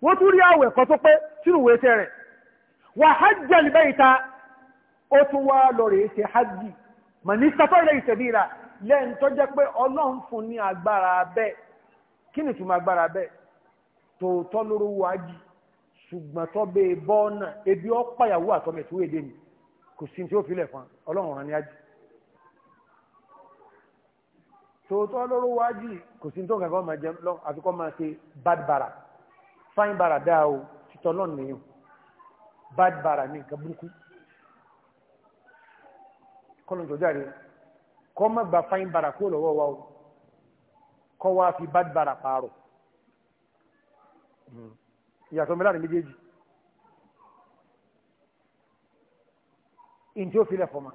wọ́n tún rí àwẹ̀ kan tó pé sínú ìwéṣẹ́ rẹ̀ wà hajjá lè bẹ́yìí ta ó tún wá lọ rèé ṣe hajji mà ní sátọ́ ilẹ̀ ìṣẹ̀bíra lẹ́yìn tó jẹ́ pé ọlọ́run fún ní agbára bẹ́ẹ̀ kí ni agbára bẹ́ẹ̀ tòótọ́ lóró wájì ṣùgbọ́n tó bẹ́ẹ̀ bọ́ náà ebi ọ́ pàyàwó àtọ́mẹ̀ tó wéde ni kò sí tí ó filẹ̀ fún ọlọ́run rán ní ájì tòótọ́ lóró wájì kò sí tó kankan máa jẹ lọ àfi máa ṣe bad bara fine bara dáa o títọ́ náà nìyẹn bad bara ní nǹkan burúkú kọ́nà tó jáde kọ́ má gba fine bara kó lọ́wọ́ wa o kọ́ wá fi bad bara pààrọ̀. Hmm ìyàtọ̀ mẹ́láàrin méjèèjì ìntí ó filẹ̀ fọ́mà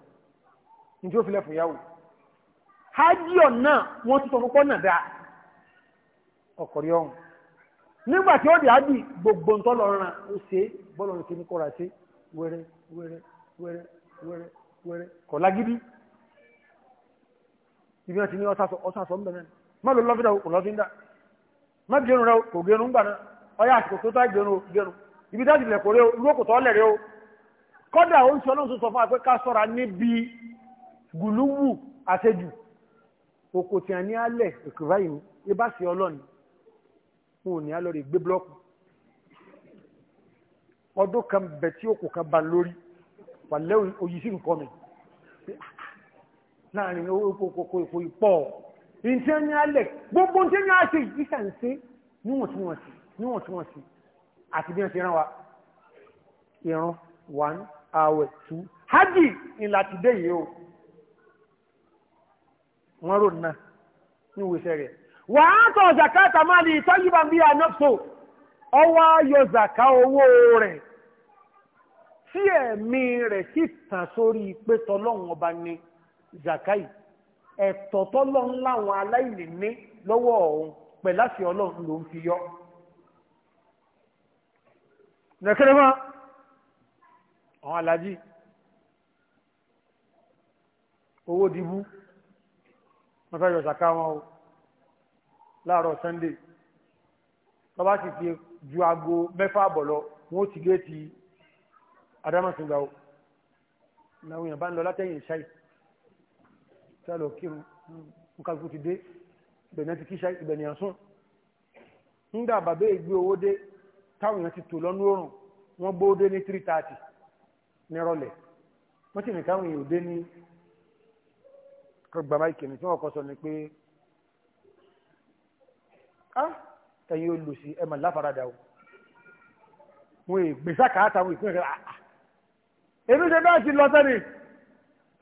ìntí ó filẹ̀ fòyàwó hajjọ́ náà wọ́n tún tọ́kọ́kọ́ náà dáa ọkọ̀rí ọ̀hún nígbà tí ó dì ábì gbogbo ń tọ́lọ ran ó ṣe bọ́lọ̀ ti ní kọ́ra ṣe wẹ́rẹ́ wẹ́rẹ́ wẹ́rẹ́ wẹ́rẹ́ wẹ́rẹ́ kọ̀ lágídí ibi wọn ti ní ọ́sàsọ́ ń bẹ̀rẹ̀ má lọ lọ́fíńdà kò lọ́fíńdà má bìí ẹnu rẹ kò gẹrun gbà náà ọyá àsìkò tó tá gbẹrun gbẹrun ibi tá ìdìlẹ̀ kò rẹ o ìrókò tó lẹ̀ rẹ o kọ́dà ó ń sọ lóun tó sọ fún wa pé ká sọ́ra níbi gùlúwù àṣejù oko tí a ní alẹ̀ ìkúrá yìí ibà sí ọlọ́ni wọn ò ní alọ́ rẹ̀ gbé búlọ́ọ̀kù ọdún kan bẹ̀ tí òkú kan níwọ̀ntúnwọ̀nsì àti bí wọ́n ti rán wa ìrun one hour two hajj ìlà ti dé yìí o wọ́n rò náà ní ìwòsàn rẹ̀ wà á tọ̀ zakata máa lè tọ́jú bá bí anọ́pso ọwọ́ ayọ̀ zaka owó rẹ̀ tí ẹ̀mí rẹ̀ sì tàn sórí pé tọlọ́run ọba ni zakai ẹ̀tọ́ tọlọ́run láwọn aláìní lọ́wọ́ ọ̀hún pẹ̀láṣẹ ọlọ́run ló ń fi yọ nẹ̀kẹ́rẹ́ mọ́ àwọn alájí owó dìbú wọ́n fẹ́ yọ ṣàká wọn o láàárọ̀ sunday tó bá sì fi ju aago mẹ́fà bọ̀ lọ wọ́n ti géètì adámọ̀sùngbà o láwọn èèyàn bá ń lọ látẹ̀yìn ṣáì sálọ kírun nǹkan ti dé ìbẹ̀ni ti kí ṣáì ìbẹ̀ni àsún nígbà bàbá ìgbé owó dé táwọn èèyàn ti tò lọ́nú òrùn wọ́n gbó dé ní three thirty nírọ̀lẹ́ wọ́n sì ní èèyàn dé ní gbàmá ìkìlì tí wọ́n kọ́ sọ ni pé á ẹ̀yin olùsí ẹ̀ mà láfaradà o wọ́n è gbèsà káàtà wọ́n ìpínlẹ̀ àà ebi ṣe bẹ́ẹ̀ ti lọ sẹ́ni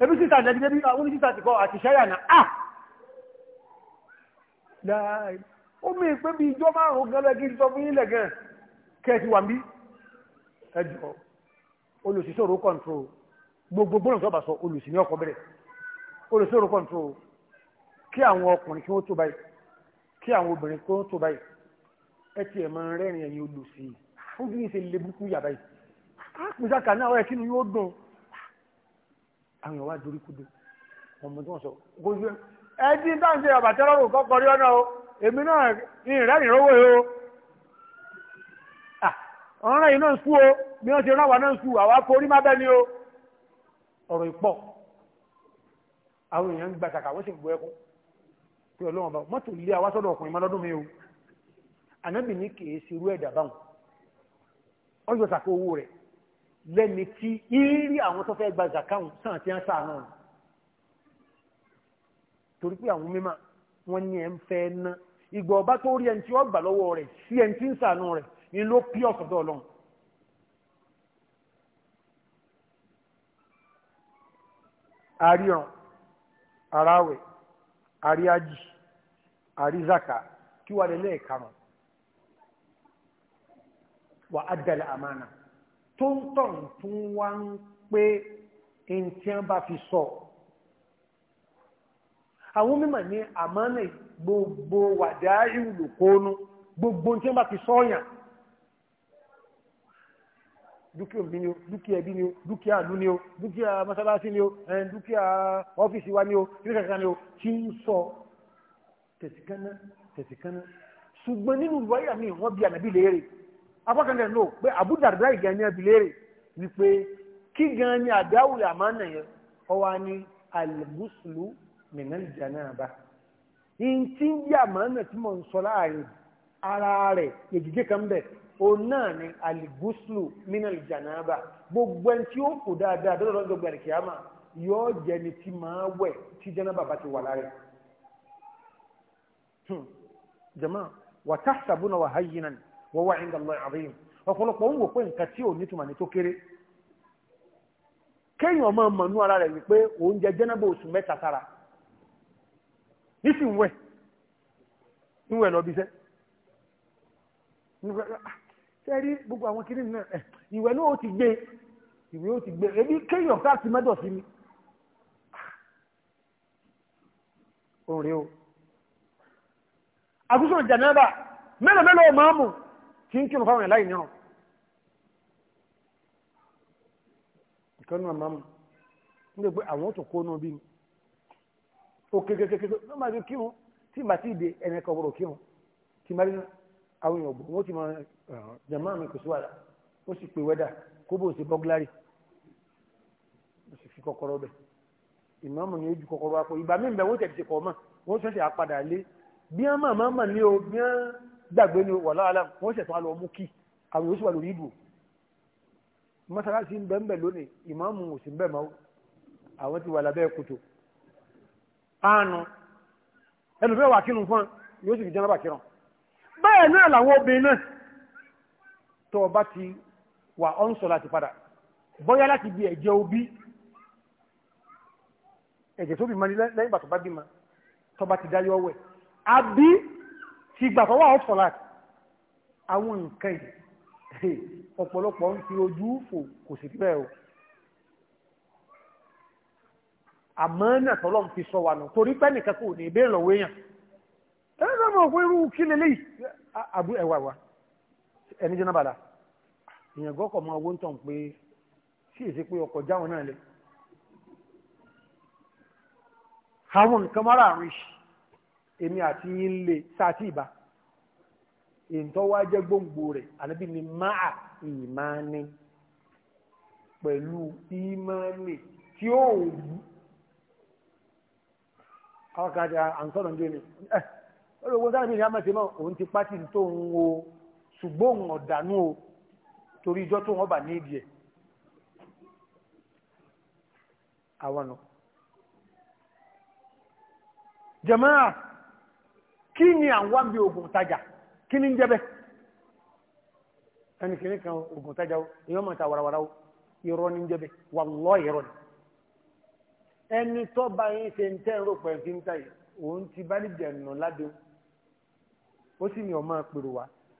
ebi sísà jẹ́ jẹ́ bí àwọn oníṣísà ti kọ́ àti ṣẹ́yà náà à láàrín ó mi pé bí ìjọ márùn-ún gẹ́lẹ́ sọ fún yín lẹ̀gẹ́rẹ́ kẹ́ẹ̀tì wà ń bí ẹjọ́ olùsísòrò control gbogbo gbọ́nà tó sọ olùsí ní ọkọ̀ bẹ̀rẹ̀ control kí àwọn ọkùnrin kí wọ́n tó báyìí kí àwọn obìnrin kí wọ́n tó báyìí ẹ ti ẹ̀ máa ẹ̀yìn olùsí fún bí ṣe lè yà báyìí yóò dùn àwọn ìwà dorí kudu ọmọ tí sọ kọ́kọ́rí o ọ̀rọ̀ náà yìí náà sú o bí wọ́n ti rán wa náà sú àwa forí má bẹ́ẹ̀ ni o ọ̀rọ̀ ìpọ̀ àwọn èèyàn ń gba kàkà wọ́n sì gbọ́ ẹkún pé ọlọ́wọ́n bá mọ́tò lé àwa sọ́dọ̀ ọkùnrin má lọ́dún mi o ànábì ní kì í ṣerú ẹ̀dà báwọn ọjọ́ sàkó owó rẹ̀ lẹ́ni tí ìrírí àwọn tó fẹ́ gba zakáhùn sàn ti ń sáà torí pé àwọn mímọ́ wọn ní ẹ̀ ń fẹ́ ná ìgbà ọba tó rí ẹni tí wọ́n gbà lọ́wọ́ rẹ̀ sí ẹni tí ń sàánú rẹ̀ ni ló pí ọ̀sọ̀dọ̀ ọlọ́run àríyàn aráwẹ̀ àríyájì àrízàkà kí wà lẹ́lẹ́ ìkarùn wà á dẹ̀lẹ̀ àmàna tó ń tọ̀ tún wá ń pé ẹni tí wọ́n bá fi sọ àwọn mímọ̀ ní àmàna gbogbo wàdá ìwùlò kónú gbogbo tí wọ́n bá fi sọ́yàn dúkìá òbí ni o dúkìá ẹbí ni o dúkìá àlú ni o dúkìá mọ́sálásí ni o dúkìá ọ́fíìsì wa ni o dúkìá kankan ni o ti ń sọ tẹ̀síkánná tẹ̀síkánná ṣùgbọ́n nínú ìwáyà mi wọ́n bí ànàbí léèrè apákanlẹ̀ náà pé àbújá àdúrà ìgbà ní àbí léèrè wípé kí gan ni àdáwùlẹ̀ àmánà yẹn ọwá ní alìmùsùlù mìíràn jànáàbá ìyìn tí ń yí tí mò ń sọ láàrin ara rẹ̀ èjìjẹ́ kan bẹ̀ o náà ni alìgúsùlù mínà ìjànàbà gbogbo ẹni tí ó kò dáadáa dọ́dọ̀ lọ́dọ̀ gbogbo àríkìámà yóò jẹ́ ni ti máa wẹ̀ tí bá ti wà lára jama wà wà wa inda Allahi azim ọ̀pọ̀lọpọ̀ ń wò pé nǹkan tí ò ní tùmọ̀ ní tó kéré kéèyàn máa mọ̀ ara rẹ̀ wípé oúnjẹ jẹ́nàbà oṣù mẹ́ta sára wẹ̀ ń sẹ́rí gbogbo àwọn kiri náà ẹ̀ eh, ìwẹ̀ náà ó ti gbé ìwẹ̀ ó ti gbé ebi kéèyàn káàkiri mẹ́dọ̀ sí mi. òrè o àgùsùn jẹ̀nẹ́bà mélòó mélòó máa mú tí ń kírun fáwọn ẹ̀ láì nírun. ìkànnì àmà mu nígbà pé àwọn tó kó náà bí mi ó kékeré ló máa fi kírun tí màá ti dé ẹnìkan ọ̀bọ̀rọ̀ kírun tí màá rí àwọn èèyàn ọ̀bọ̀ wọn ti máa jama mi kò sí wàhálà ó sì pè wẹ́dà kó bò sí bọ́gílárì ó sì fi kọ́kọ́rọ́ bẹ̀ ìmáàmù ni ojú kọ́kọ́rọ́ apọ̀ ìgbà mí bẹ̀ wọ́n tẹ̀ ti kọ́ mọ̀ wọ́n sọ̀tẹ̀ apadà lé bí wọ́n mọ̀ mọ̀ ní o bí wọ́n gbàgbé ni wàhálà wàhálà wọ́n sẹ̀tọ́ alọ́ mú kí àwọn oṣù wà lórí ìbò mọ́sálásí ń bẹ́ ń bẹ̀ lónìí ìmáàmù ò sì ń bẹ̀ mọ́ àwọn ti wà lábẹ́ kòtò àánú ẹnu bẹ́ẹ̀ wà kírun fún yóò sì fi jẹ́ náà bà kírun bẹ́ẹ̀ náà làwọn obìnrin náà tó o bá ti wà ọ́n sọ láti padà bóyá láti bí ẹ̀jẹ̀ òbí ẹ̀jẹ̀ tó bí ma ní lẹ́yìn bàtọ̀ bá bí ma tó bá ti dáyọ́ wẹ̀ àbí ti gbàtọ̀ wà ọ́n sọ láti àwọn nǹkan yìí ọ̀pọ̀lọpọ̀ ń fi ojú fò kò sì bẹ́ẹ̀ o àmọ́ náà tọ́lọ́ fi sọ wà nù torí pẹ́ nìkan kò ní ìbéèrè lọ́wọ́ èèyàn ẹ̀rọ mọ̀ pé irú kí lélẹ́yìí àbú ẹ̀wà wa ẹni jẹ́ nàbàlà èèyàn gọ́kọ̀ máa wó ń tàn pé sí èsì pé ọkọ̀ jáwọn náà lẹ. àwọn nǹkan mọ́ra àrùn ìṣì èmi àti yín lè sáàtì ìbá èntọ́ wá jẹ́ gbòǹgbò rẹ̀ ànábì ni máa ìmáni pẹ̀lú ìmáni tí ó wù àwọn kan ń dé ni ẹ̀ ó lè wọ́n sáà bí ní òun ti pátì tó ń wo. ṣùgbọ́n ọ̀dànú o torí ìjọ tó wọ́n bà ní ìdí ẹ̀ àwọn kí ni àwọn bí ogun tajà kí ni jẹ́bẹ̀ kan ogun tajà o èyàn warawara o irọ́ ni njebe wa wallahi irọ́ ẹni tó bá yín ṣe ń tẹ́ pẹ̀lú fi ń tà òun ti bá ní jẹ̀nà ládé ó sì ní ọmọ pèrò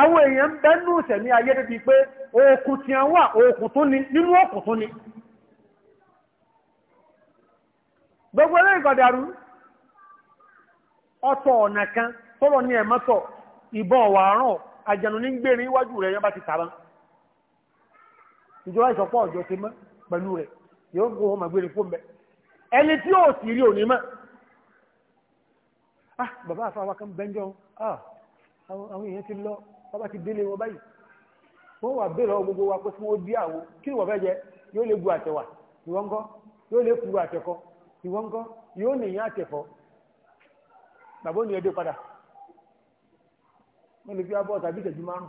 àwọn èèyàn ń bẹ́nú ìsẹ̀mí ayé débi pé òkun ti àwọn òkun tún ni nínú tún ni gbogbo eré ìkọ̀dàrú ọ̀tọ̀ ọ̀nà kan tọ́rọ ní ẹ̀mọ́tọ̀ ìbọn ọ̀wàárán àjẹ̀nù ní gbèrè iwájú rẹ̀ yọba ti tàbá ìjọba ìsọpọ̀ ti mọ́ pẹ̀lú rẹ̀ yóò gbó ọmọ gbèrè fún mẹ́ ẹni tí ó sì rí òní mọ́ ah bàbá àfáwà kan bẹ́ńjọ́ ah àwọn èèyàn ti bàbá ti délé wọn báyìí wọ́n wà bẹ́ẹ̀ lọ́wọ́ gbogbo wa pé fún wọn bí àwo kí ni wọ́n fẹ́ jẹ yóò lè gu àtẹ̀wà ìwọ́n kọ́ yóò lè kuru àtẹ̀kọ́ ìwọ́n kọ́ yóò nìyàn àtẹ̀fọ́ bàbá ò ní ẹdẹ padà wọ́n lè fi abọ́ tàbí ìtẹ̀jú márùn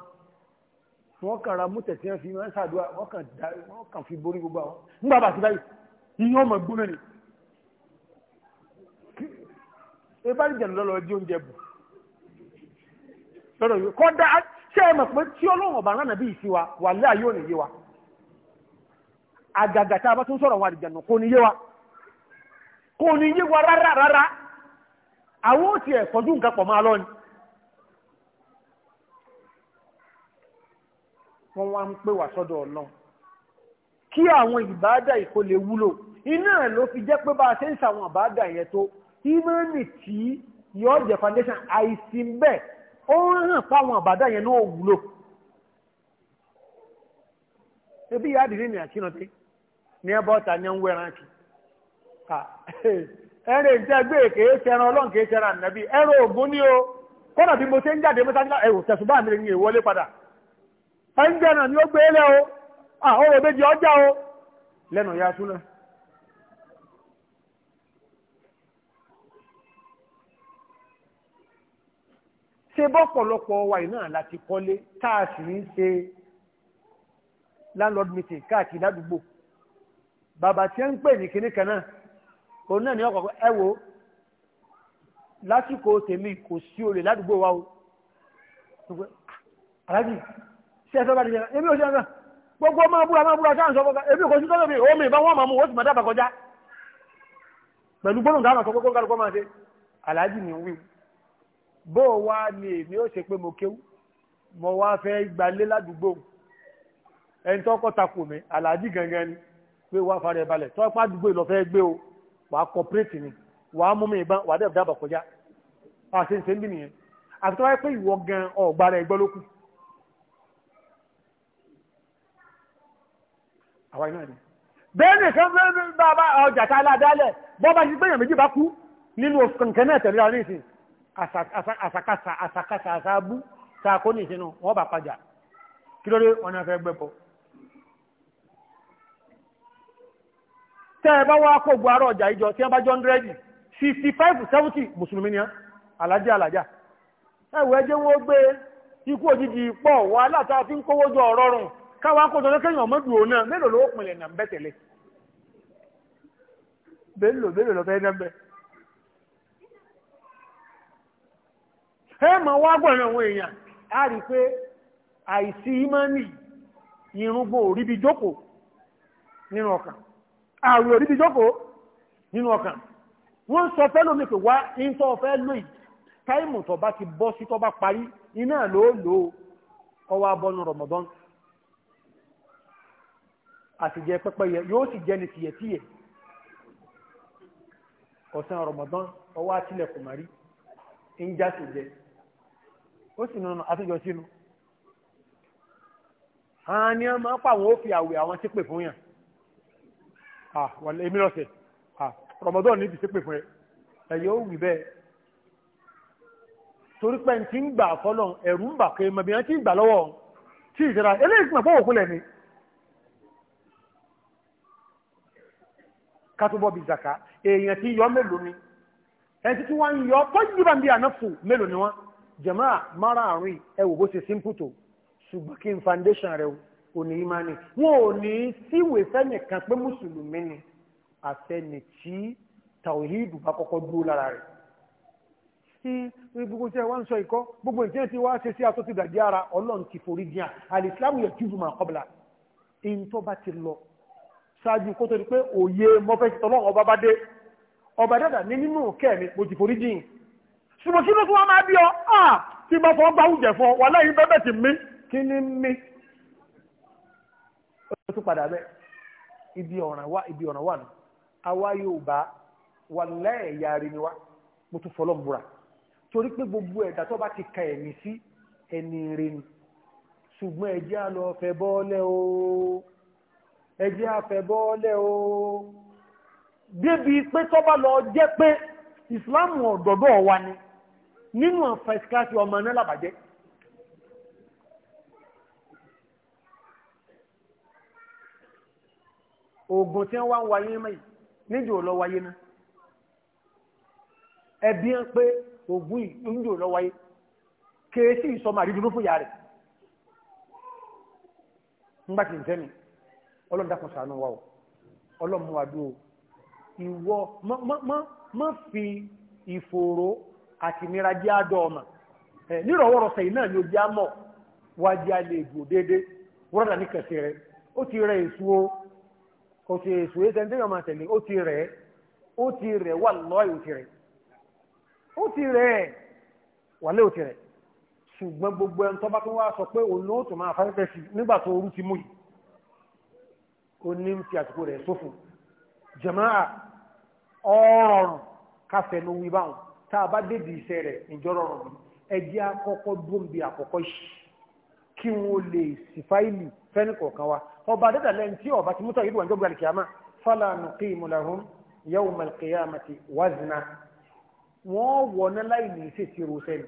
wọ́n kàn ra mútẹ̀ tí wọ́n fi wọ́n ṣàdúrà wọ́n kàn dá wọ́n kàn fi borí gbogbo àwọn nígbà bàtí báyìí ìyẹn ọmọ gbóná ni ebá ní jẹ̀nu lọ́lọ́ oúnjẹ bù lọ́dọ̀ yìí kọ́ dá ṣé ẹ mọ̀ pé tí ọlọ́run ọ̀bà rán nàbí ìsí wa wà láà yóò níyé wa àgàgà tá a bá tún sọ̀rọ̀ àwọn àdìjànù kò níyé wa kò níyé wa rárá rárá àwọn ò tiẹ̀ kọjú nǹkan pọ̀ máa lọ ni. wọ́n wá ń pè wá sọ́dọ̀ ọlọ́run kí àwọn ìbáàdà ìkó lè wúlò iná ló fi jẹ́ pé bá a ṣe ń ṣàwọn ìbáàdà yẹn tó ìmọ̀ọ́nì tí yọ̀ọ́ jẹ́ foundation àìsí bẹ́ẹ̀ ó ń hàn fáwọn àbádá yẹn náà wúlò ebi yà á n'ebe ní àkínọ́tí ní nkị ka ní ẹ̀wọ́ ẹran chere ọlọ nke gbé èké ṣẹran ọlọ́run kìí ògún ní o kọ́nà bí mo ṣe ń jáde mọ́sájúlá ẹ̀wò tẹ̀sùbá mi padà náà ni ó ya súnà ṣe bọ́pọ̀lọpọ̀ wa iná láti kọ́lé táàsì ń ṣe landlord meeting káàkiri ládùúgbò bàbá tí ó ń pè ní kinní kan náà òun náà ní ọkọ̀ ẹ wo lásìkò tèmi kò sí olè ládùúgbò wa o ah, aláàjì ṣe ẹ̀fẹ́ bá ti jẹun èmi ò ṣe ẹ̀fẹ́ gbogbo máa búra máa búra sáà sọ fọ́fà èmi kò sí tọ́lọ́ mi òun mi bá wọ́n máa mú ó sì máa dábàá kọjá pẹ̀lú gbọ́nà dáhùn àkọ́kọ́ kọ́kọ́ máa ṣe aláàjì ni ó wíwú bó wá ni èmi ó ṣe pé mo kéwú mo wá fẹ́ gbalé ládùúgbò ẹni tó kọ́ takò mi àlàájì gangan ni pé wá fara ẹ̀ balẹ̀ tó pa àdúgbò ìlọ fẹ́ gbé o wà á kọ́pírẹ́tì ni wà á mú mi ìbọn wà á dẹ̀ dábàá kọjá àti ṣe ń bí nìyẹn àti tó wáyé pé ìwọ gan ọ̀gbà rẹ̀ gbọ́ lókù àwọn iná ni bẹ́ẹ̀ nìkan fẹ́ bá ọjà tá a ládálẹ̀ bọ́ bá ti gbẹ̀yàn méjì bá kú nínú kankan náà tẹ̀lé ara ìsìn asakasa asakasa asabu sàkó ní ìsinú wọ́n bà pàjà kí ọjà ìjọ tí wọ́n bá jọ 70 mùsùlùmí alaja alaja alájà ẹ̀wọ̀ ẹjẹ́ wọ́n gbé ikú òjijì pọ̀ fi ń kówó jọ ọ̀rọ̀ rùn káwà kó jọjọ́ na ẹ̀mọ̀ wá gbọ́nà àwọn èèyàn a rí pé àìsí imani irúgbò oríbi nínú ọkàn àrù oríbi nínú ọkàn wọ́n sọ fẹ́ lómi wá táìmù tọ́ bá ti bọ́ sí tọ́ bá parí iná ló lò ọwọ́ abọ́nu àti jẹ pẹ́pẹ́yẹ yóò sì jẹ́ ni tìyẹ̀tìyẹ̀ ọ̀sán ó sì nínú àtúnjọ sínú àwọn ni wọ́n máa pa àwọn ó fi àwẹ̀ àwọn ṣépè fún yàn ah wọlé èmi lọ́sẹ̀ ah rọmọdọ́ọ̀ níbi ṣépè fún ẹ ẹ̀yẹ ó wì bẹ́ẹ̀ torí pé ti ń gbà fọ́lọ̀ ẹ̀rù ń bà pé mọ̀bìyàn ti ń gbà lọ́wọ́ tí ìjọra eléyìí fún àpọ̀wò fúnlẹ̀ ni kátúbọ̀ bí zaka èèyàn ti yọ mélòó ni ẹni tí wọ́n ń yọ tọ́jú bá ń bí ànáfò mélòó ni wọ́n jama márààrún ẹwò bó ṣe simple tó ṣùgbọ́n kí n foundation rẹ ò ní imani wọn ò ní síwè fẹ́nìkan pé mùsùlùmí ni àfẹnì tí tàwíìdù bá kọ́kọ́ dúró lára rẹ̀ gbogbo tí wọ́n ń sọ ikọ́ gbogbo ìtẹ́ tí wọ́n ṣe sí àtúntì dàdí ara ọlọ́run ti forí díà alìsílámù yẹ jùlọ máa kọ́bla èyí tó bá ti lọ ṣáájú kó tó di pé òye mọ́fẹ́sítọ́lọ́run ọba bá dé ọba dàdà ní nínú kẹ́ẹ̀mí mo ti forí dín ṣùgbọ́n kí ló fún máa bí ọ ah tí bá fọ́ gbá oúnjẹ fún ọ wà láyé bẹ́bẹ̀ ti mí kí ni mí. ó tún padà bẹ́ẹ̀ ibi ọ̀ràn wà ibi ọ̀ràn wà nù àwa yóò bá wà lẹ́ẹ̀ yaari ni wa mo tún fọlọ́ múra torí pé gbogbo ẹ̀dá tó bá ti ka ẹ̀mí sí ẹni rẹ ni ṣùgbọ́n ẹ̀jẹ̀ á lọ bọ́ọ̀lẹ́ o ẹ̀jẹ̀ á bọ́ọ̀lẹ́ o débi pé tó bá lọ jẹ́ pé ìsìláàmù ọ̀dọ̀dọ̀ wa ni nínú first class ọmọ náà làbàjẹ́ oògùn tí wọ́n wáyé mẹ́yì níjò lọ wáyé náà ẹbí ń pé oògùn níjò lọ wáyé kèésì ìsọmọ àrídúró fún ìyá rẹ̀ ńgbàtí ìfẹ́mi ọlọ́run dákun ṣàánú wa o ọlọ́run mú wa dúró ìwọ má má má má fi ìfòòró àti ìnira jẹ́ ẹ ọmọ nírọ̀wọ́rọ̀sẹ̀ iná ni ó jẹ́ àmọ́ wájú alẹ́ ìgbò a mọ ní kẹsì rẹ̀ ó ti rẹ̀ èso o kò sí èso èso ẹni tí máa tẹ̀lé ó ti rẹ̀ ó ti rẹ̀ wà lọ́ọ̀ ó ti rẹ̀ ó ti wà ti gbogbo ẹni tó wá sọ pé òun ó tún máa sí nígbà tó ti mú yìí ó ní ọ̀rọ̀ tá a bá débi iṣẹ́ rẹ̀ ìjọrọ̀ rọ̀ ẹjẹ́ akọ́kọ́ dóńbi àkọ́kọ́ yìí kí wọ́n lè sì fáìlì fẹ́ni kọ̀ọ̀kan wa ọba dẹ́dà lẹ́yìn tí ọba ti mú tàbí ìwà ìjọba ìkìyàmá fálà nuqimu lahum yawma al-qiyamati wazna wọ́n wọ̀ná láì ní ìṣe ti ro sẹ́ni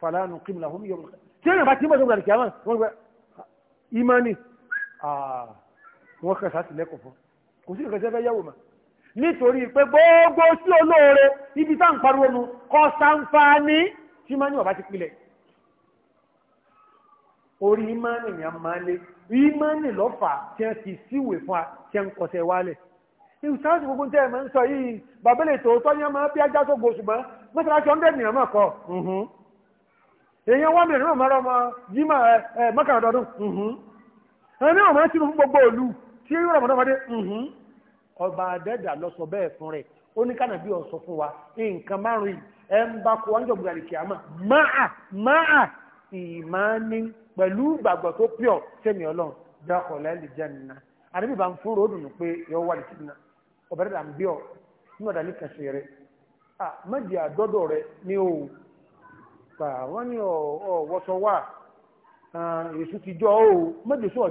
fálà nuqimu lahum yawma tí ẹ̀yìn bá ti mú ìjọba nítorí pé gbogbo sí olóore ibi tá ń pariwo nu kọ́ sáǹfààní tí máa ní ọ̀bá ti pilẹ̀ orí ìmánì ni a máa lé ìmánì lọ́fà tí a ti síwè fún a tí a ń kọsẹ̀ wálẹ̀ ìsáàsì gbogbo tẹ́ ẹ̀mọ́ ń sọ yìí bàbẹ́lẹ̀ tòótọ́ ní a máa bí ajá tó gbò ṣùgbọ́n mọ́sálásí ọ̀ndẹ̀ mìíràn mm-hmm. mm-hmm. tí yóò rọ̀ mọ́dọ́mọdé mm-hmm. ọba adẹ́dà lọ sọ bẹ́ẹ̀ fún rẹ̀ ó ní kánàbí ó fún wa nǹkan márùn-ún ẹ ń bá kó wájú ọ̀gbìn àlìkè àmà máa máa ìmáni pẹ̀lú ìgbàgbọ́ tó pure sẹ́mi ọlọ́run dákọ̀ láìlè jẹ́ nìyà àdébí bá ń fún ròdù nù pé yọ wà ń ọ ní ọ̀dà ní kẹsì o pa wọ́n ní o méjì sọ̀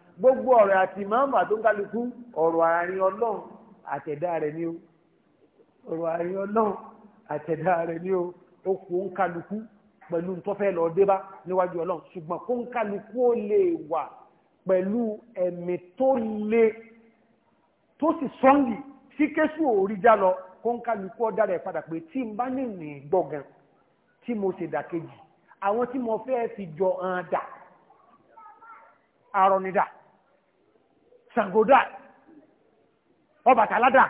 gbogbo ọ̀rọ̀ àti màmá tó ń kálukú ọ̀rọ̀ àárín ọlọ́run àtẹ̀dá rẹ̀ ni o ọ̀rọ̀ àárín ọlọ́run àtẹ̀dá rẹ̀ ni o ó kó ń kálukú pẹ̀lú tọ́fẹ́ lọ débá níwájú ọlọ́run ṣùgbọ́n kó ń kálukú ó lè wà pẹ̀lú ẹ̀mí tó le tó sì sọ́ngì tí késù òrí já lọ kó ń kálukú ọ̀dá rẹ̀ padà pé tí n bá ní ní gbọ̀ngàn tí mo ṣèdàkejì àwọn tí mo fẹ́ fi jọ hàn dà àrọ̀ nìdà. ṣàngódà ọbàtálá dà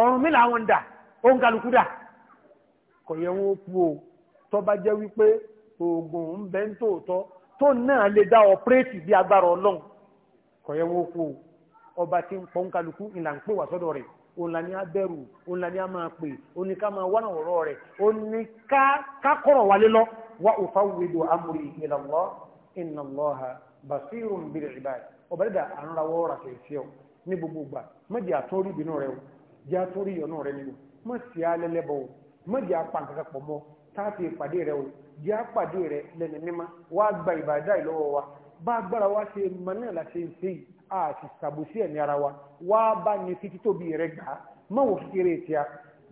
ọ̀rúnmìlà àwọn dà òǹkàlùkù dà yẹ wọn kú o tó bá jẹ́ wípé oògùn ń bẹ ń tòótọ́ tó náà lè dá ọ̀pẹ́rẹ́tì bí agbára ọlọ́run yẹ wọn kú o ọba tí ń pọ̀ òǹkàlùkù ìlà ń pè wá sọ́dọ̀ rẹ̀ òun abẹ́rù òun a máa pè òun ká ọba dídà àrùnra wọ́ ọ̀rà kẹ̀sí ọ ní gbogbo ìgbà mẹ́jì àtúrí ìbínú rẹ o jẹ́ àtúrí ìyọnú rẹ nínú mọ́ sí alẹ́lẹ́bọ̀ o mẹ́jì apá nǹkan pọ̀ mọ́ táàtì ìpàdé rẹ o jẹ́ àpàdé rẹ lẹ́nu mímá wá gba ìbàdá ìlọ́wọ́ wa bá agbára wa ṣe mọ náà la ṣe ń ṣe yìí a ti ṣàbòsí ẹ̀mí ara wa wá bá ní fi títóbi rẹ gbà á mọ́ wò kékeré tíá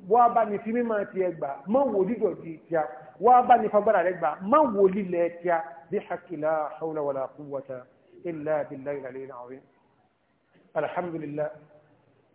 wá bá ní fi mímá tiẹ̀ gbà á mọ́ wò dídọ̀ tíá wá bá ní fagbára rẹ gbà á wò lílẹ̀ tíá bí hakila hawla wàlá kúwàtà إلا بالله العلي العظيم الحمد لله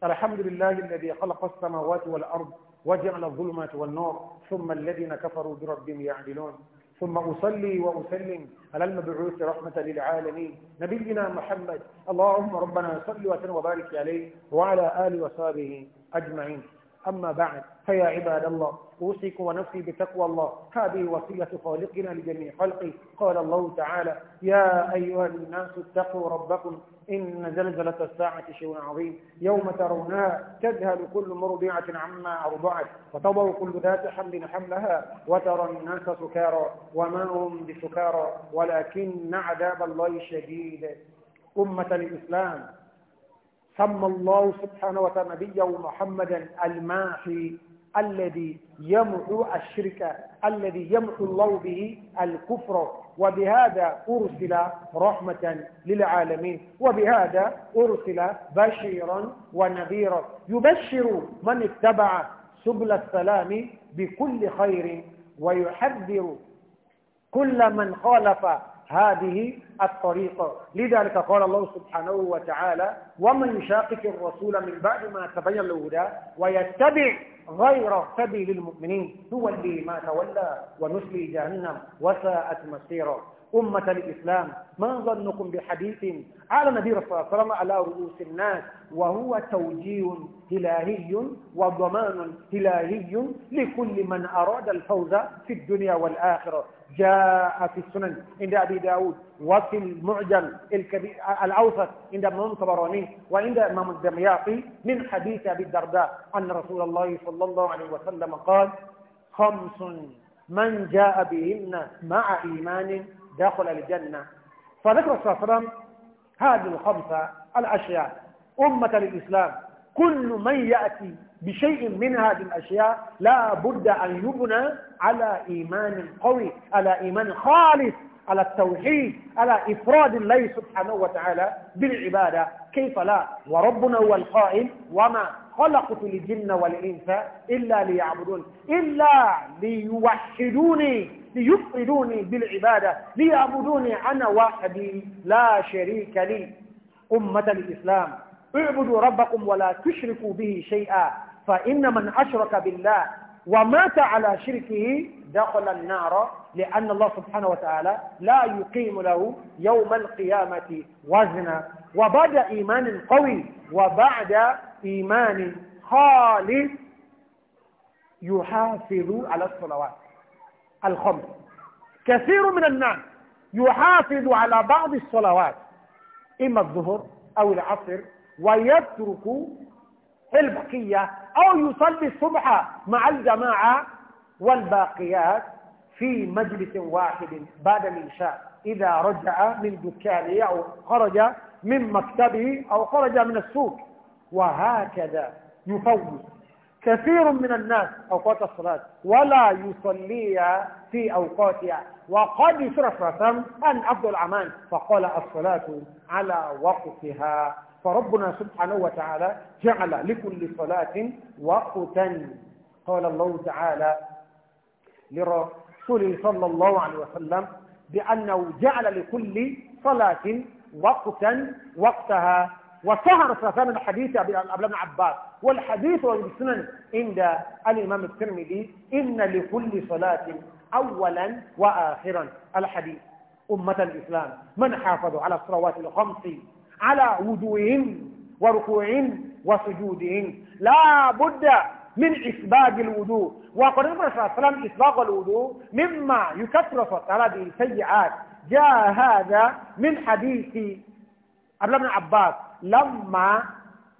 الحمد لله الذي خلق السماوات والأرض وجعل الظلمات والنور ثم الذين كفروا بربهم يعدلون ثم أصلي وأسلم على المبعوث رحمة للعالمين نبينا محمد اللهم ربنا صل وسلم وبارك عليه وعلى آله وصحبه أجمعين أما بعد فيا عباد الله أوصيكم ونفسي بتقوى الله هذه وصية خالقنا لجميع خلقه قال الله تعالى يا أيها الناس اتقوا ربكم إن زلزلة الساعة شيء عظيم يوم ترونها تذهل كل مرضعة عما أرضعت وتضع كل ذات حمل حملها وترى الناس سكارى وما هم بسكارى ولكن عذاب الله شديد أمة الإسلام سمى الله سبحانه وتعالى نبيه محمدا الماحي الذي يمحو الشرك الذي يمحو الله به الكفر وبهذا أرسل رحمة للعالمين وبهذا أرسل بشيرا ونذيرا يبشر من اتبع سبل السلام بكل خير ويحذر كل من خالف هذه الطريقة لذلك قال الله سبحانه وتعالى ومن يشاقق الرسول من بعد ما تبين له هدى ويتبع غير سبيل المؤمنين اللي ما تولى ونسلي جهنم وساءت مسيرا أمة الإسلام ما ظنكم بحديث على نبي صلى الله عليه وسلم على رؤوس الناس وهو توجيه إلهي وضمان إلهي لكل من أراد الفوز في الدنيا والآخرة جاء في السنن عند أبي داود وفي المعجم الكبير الأوسط عند ابن طبراني وعند امام الدمياطي من حديث أبي الدرداء أن رسول الله صلى الله عليه وسلم قال خمس من جاء بهن مع إيمان دخل الجنة فذكر صلى الله عليه وسلم هذه الخمسة الأشياء أمة الإسلام كل من يأتي بشيء من هذه الأشياء لا بد أن يبنى على إيمان قوي على إيمان خالص على التوحيد على إفراد الله سبحانه وتعالى بالعبادة كيف لا وربنا هو القائل وما خلقت الجن والإنس إلا ليعبدون إلا ليوحدوني ليفردوني بالعبادة ليعبدوني أنا وحدي لا شريك لي أمة الإسلام اعبدوا ربكم ولا تشركوا به شيئا فإن من أشرك بالله ومات على شركه دخل النار لأن الله سبحانه وتعالى لا يقيم له يوم القيامة وزنا وبعد إيمان قوي وبعد إيمان خالص يحافظ على الصلوات الخمس كثير من الناس يحافظ على بعض الصلوات إما الظهر أو العصر ويترك البقية أو يصلي الصبح مع الجماعة والباقيات في مجلس واحد بعد الإنشاء إذا رجع من دكانه أو خرج من مكتبه أو خرج من السوق وهكذا يفوز كثير من الناس أوقات الصلاة ولا يصلي في أوقاتها وقد شرف رسم أن أفضل عمان فقال الصلاة على وقتها فربنا سبحانه وتعالى جعل لكل صلاة وقتا قال الله تعالى لرسول صلى الله عليه وسلم بأنه جعل لكل صلاة وقتا وقتها وصهر سفان الحديث أبي ابن عباس والحديث والسنن عند الإمام الترمذي إن لكل صلاة أولا وآخرا الحديث أمة الإسلام من حافظ على الصلوات الخمس على وجوههن وركوعهن وسجودهن لا بد من إسباب الوضوء وقال النبي صلى الله عليه وسلم الوضوء مما يكثر على به السيئات جاء هذا من حديث عبد بن عباس لما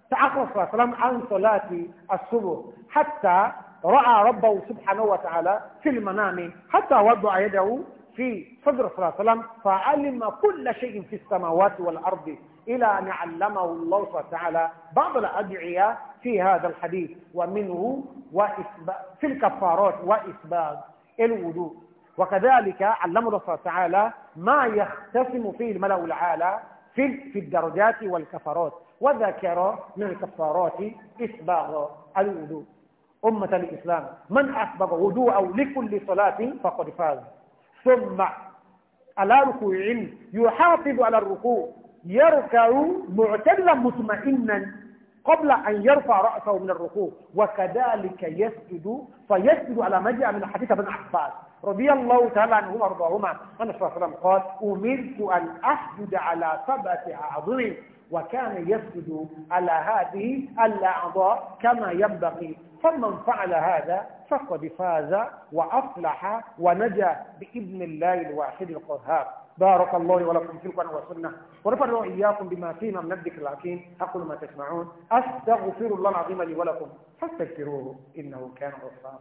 تأخر صلى الله عليه وسلم عن صلاة الصبح حتى رأى ربه سبحانه وتعالى في المنام حتى وضع يده في صدر صلى الله عليه وسلم فعلم كل شيء في السماوات والأرض إلى أن علمه الله تعالى بعض الأدعية في هذا الحديث ومنه في الكفارات وإسباب الوضوء وكذلك علمه الله تعالى ما يختسم فيه الملأ العالى في في الدرجات والكفارات وذكر من الكفارات إسباغ الوضوء أمة الإسلام من أسبغ وضوءه لكل صلاة فقد فاز ثم على ركوع يحافظ على الركوع يركع معتدلا مطمئنا قبل أن يرفع رأسه من الركوع وكذلك يسجد فيسجد على ما جاء من حديث ابن عباس رضي الله تعالى عنهما وارضاهما أن صلى الله عليه وسلم قال أمرت أن أسجد على سبعة أعظم وكان يسجد على هذه الأعضاء كما ينبغي فمن فعل هذا فقد فاز وأفلح ونجا بإذن الله الواحد القهار بارك الله ولكم في القرآن والسنة ونفعل وإياكم بما فيما من الذكر الحكيم أقول ما تسمعون أستغفر الله العظيم لي ولكم فاستغفروه إنه كان غفارا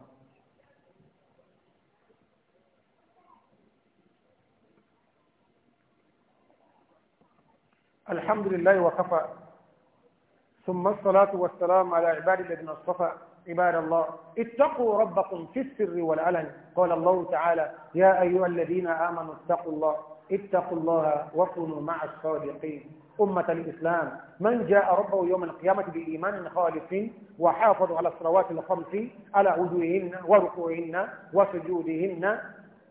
الحمد لله وكفى ثم الصلاة والسلام على عباد الذين اصطفى عباد الله اتقوا ربكم في السر والعلن قال الله تعالى يا أيها الذين آمنوا اتقوا الله اتقوا الله وكونوا مع الصادقين أمة الإسلام من جاء ربه يوم القيامة بإيمان خالص وحافظ على الصلوات الخمس على عدوهن وركوعهن وسجودهن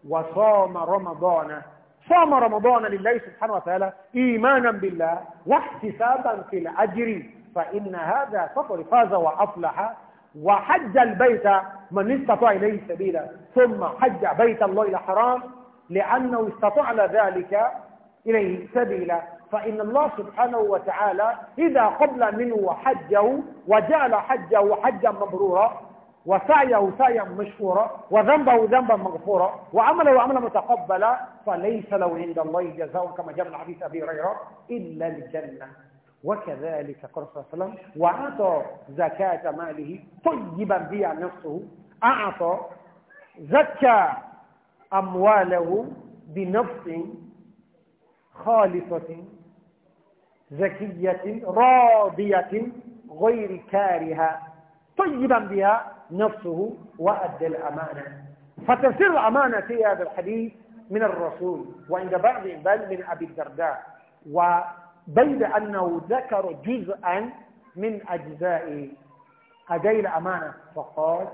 وصام رمضان صام رمضان لله سبحانه وتعالى إيمانا بالله واحتسابا في الأجر فإن هذا فقد فاز وأفلح وحج البيت من استطاع إليه سبيلا ثم حج بيت الله الحرام لأنه استطعنا ذلك إليه سبيلا فإن الله سبحانه وتعالى إذا قبل منه حجه وجعل حجه حجا مبرورا وسعيه سعيا مشكورا وذنبه ذنبا مغفورا وعمله عملا متقبلا فليس له عند الله جزاء كما جاء من حديث ابي هريره الا الجنه وكذلك قال صلى الله عليه وسلم واعطى زكاه ماله طيبا بها نفسه اعطى زكى أمواله بنفس خالصة زكية راضية غير كارهة طيبا بها نفسه وأدى الأمانة فتفسير الأمانة في هذا الحديث من الرسول وعند بعض بل من أبي الدرداء وبيد أنه ذكر جزءا من أجزاء أدي الأمانة فقال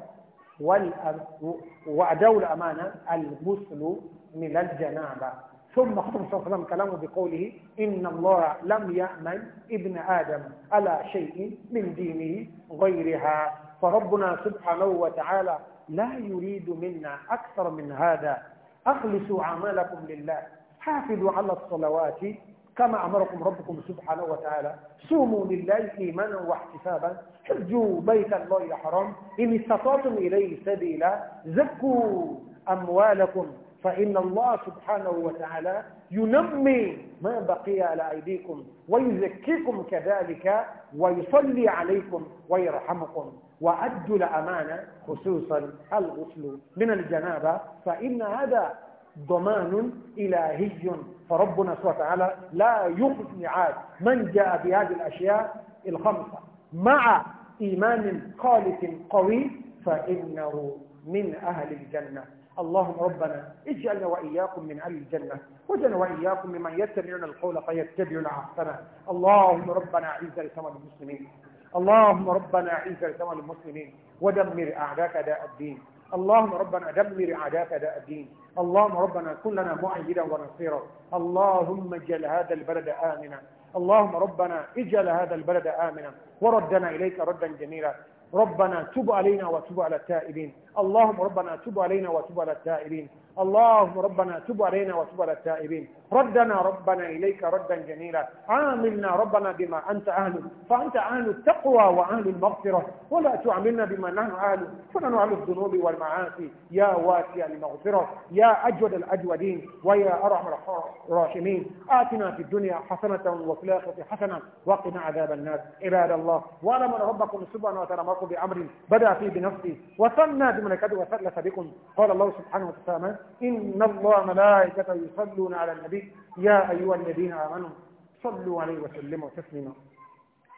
وأدوا الأمانة المثل من الجنابة ثم ختم صلى الله عليه وسلم كلامه بقوله إن الله لم يأمن ابن آدم على شيء من دينه غيرها فربنا سبحانه وتعالى لا يريد منا أكثر من هذا أخلصوا أعمالكم لله حافظوا على الصلوات كما أمركم ربكم سبحانه وتعالى سوموا لله إيمانا واحتسابا حجوا بيت الله الحرام إن استطعتم إليه سبيلا زكوا أموالكم فإن الله سبحانه وتعالى ينمي ما بقي على أيديكم ويزكيكم كذلك ويصلي عليكم ويرحمكم وأدوا الأمانة خصوصا الغسل من الجنابة فإن هذا ضمان إلهي فربنا سبحانه وتعالى لا يغني عاد من جاء بهذه الأشياء الخمسة مع إيمان خالص قوي فإنه من أهل الجنة اللهم ربنا اجعلنا وإياكم من أهل الجنة واجعلنا وإياكم ممن يتبعون القول فيتبعون أحسنه اللهم ربنا أعز الإسلام المسلمين اللهم ربنا أعز الإسلام المسلمين ودمر أعداءك أداء الدين اللهم ربنا دمر عداك الدين اللهم ربنا كن لنا مؤيدا ونصيرا اللهم اجعل هذا البلد آمنا اللهم ربنا اجعل هذا البلد آمنا وردنا إليك ردا جميلا ربنا تب علينا وتب على التائبين اللهم ربنا تب علينا وتب على التائبين اللهم ربنا تب علينا وتب على التائبين ردنا ربنا إليك ردا جميلا عاملنا ربنا بما أنت أهل فأنت أهل التقوى وأهل المغفرة ولا تعاملنا بما نحن أهل فنحن أهل الذنوب والمعاصي يا واسع المغفرة يا أجود الأجودين ويا أرحم الراحمين آتنا في الدنيا حسنة وفي الآخرة حسنة وقنا عذاب الناس عباد الله وأعلم ربكم سبحانه وتعالى مركم بأمر بدأ فيه بنفسه وثنى بملكته وثلث بكم قال الله سبحانه وتعالى إن الله ملائكته يصلون على النبي يا أيها الذين آمنوا صلوا عليه وسلموا تسليما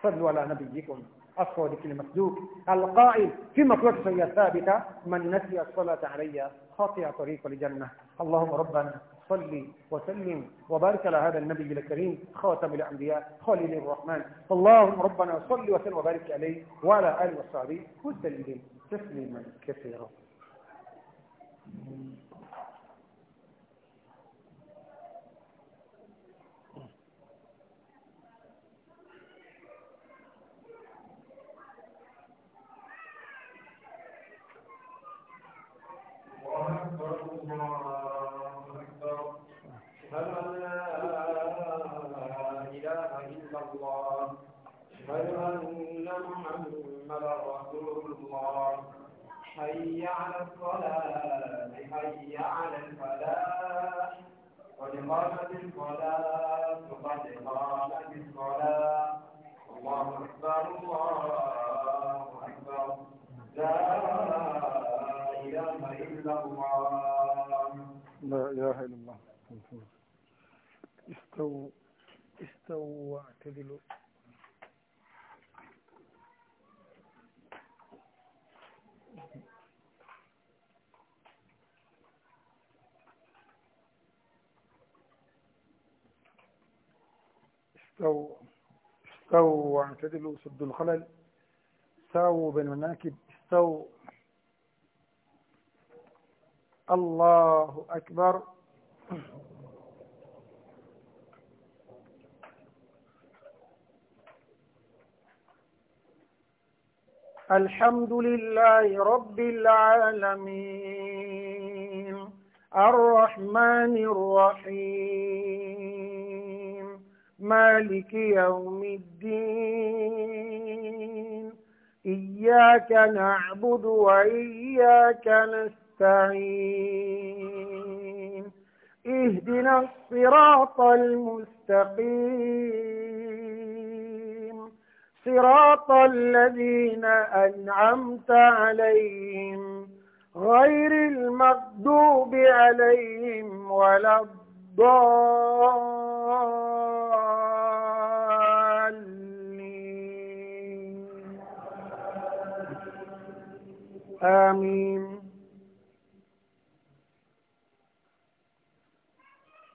صلوا على نبيكم الصادق المصدوق القائل في مقولة سيئة ثابتة من نسي الصلاة علي خاطئ طريق الجنة اللهم ربنا صلي وسلم وبارك على هذا النبي الكريم خاتم الأنبياء خليل الرحمن اللهم ربنا صلي وسلم وبارك عليه وعلى آله وصحبه وسلم تسليما كثيرا حي على الصلاة حي على
الفلاح قد قامت الصلاة قد قامت الصلاة الله أكبر الله أكبر لا إله إلا الله
لا إله إلا الله استو استو واعتدلوا استو استو واعتدلوا سد
الخلل ساووا بين المناكب استووا الله أكبر الحمد لله رب العالمين الرحمن الرحيم مالك يوم الدين إياك نعبد وإياك نستعين المستعين اهدنا الصراط المستقيم صراط الذين أنعمت عليهم غير المغضوب عليهم ولا الضالين آمين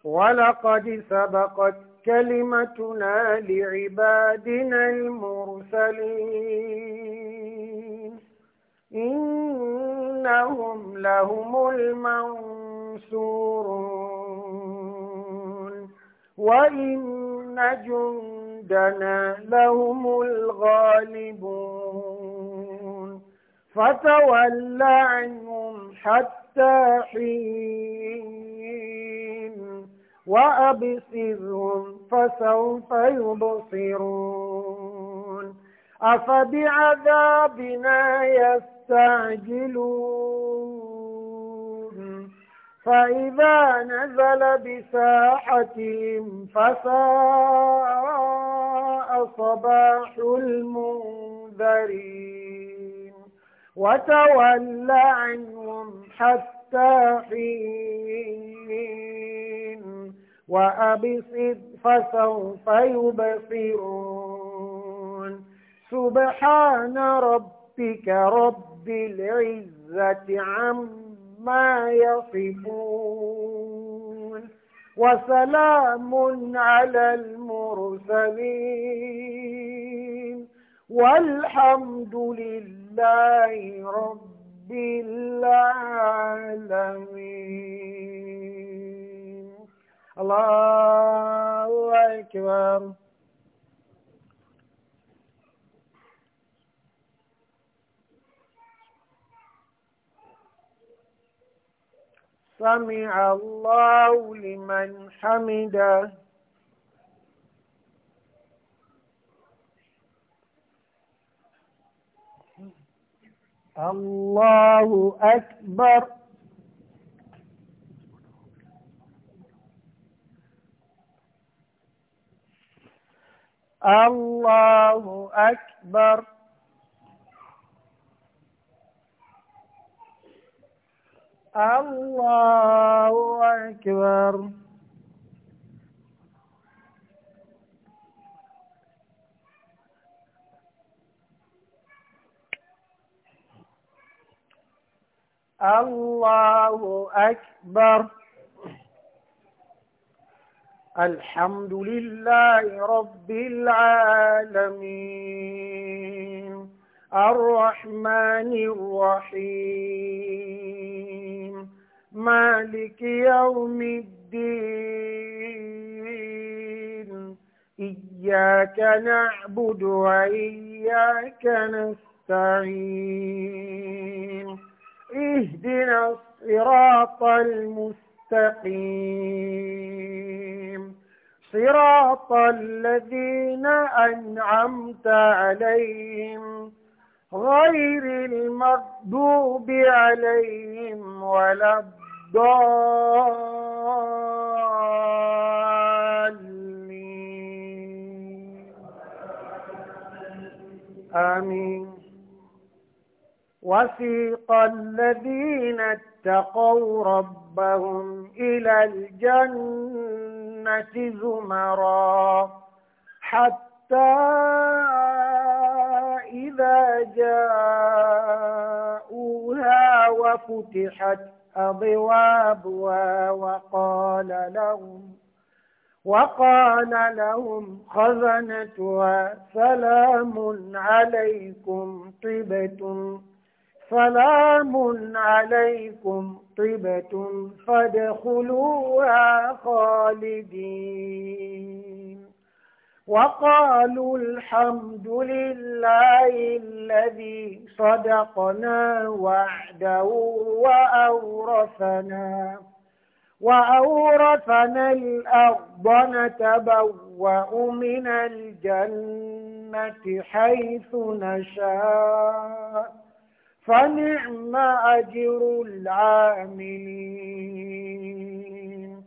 ولقد سبقت كلمتنا لعبادنا المرسلين إنهم لهم المنصورون وإن جندنا لهم الغالبون فتول عنهم حتى حين وأبصرهم فسوف يبصرون أفبعذابنا يستعجلون فإذا نزل بساحتهم فساء صباح المنذرين وتول عنهم حتى حين وأبصر فسوف يبصرون سبحان ربك رب العزة عما يصفون وسلام على المرسلين والحمد لله رب العالمين الله أكبر سمع الله لمن حمده الله أكبر الله أكبر الله أكبر الله أكبر الحمد لله رب العالمين الرحمن الرحيم مالك يوم الدين إياك نعبد وإياك نستعين اهدنا الصراط المستقيم مستقيم صراط الذين أنعمت عليهم غير المغضوب عليهم ولا الضالين آمين وسيق الذين اتقوا ربهم إلى الجنة زمرا حتى إذا جاءوها وفتحت أبوابها وقال لهم وقال لهم خزنتها سلام عليكم طبتم سلام عليكم طبة فادخلوها خالدين وقالوا الحمد لله الذي صدقنا وعده وأورثنا وأورثنا الأرض نتبوأ من الجنة حيث نشاء فنعم أجر العاملين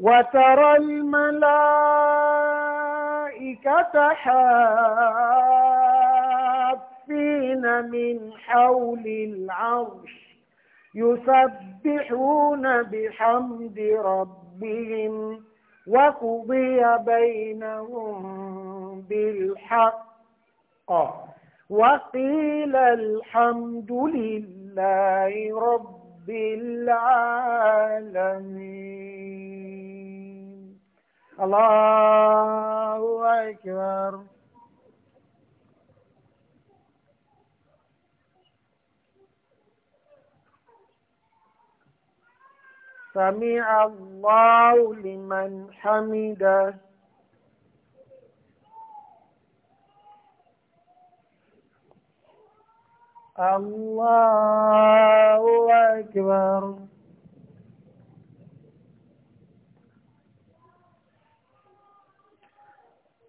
وترى الملائكة حافين من حول العرش يسبحون بحمد ربهم وقضي بينهم بالحق وقيل الحمد لله رب العالمين الله أكبر سمع الله لمن حمده الله أكبر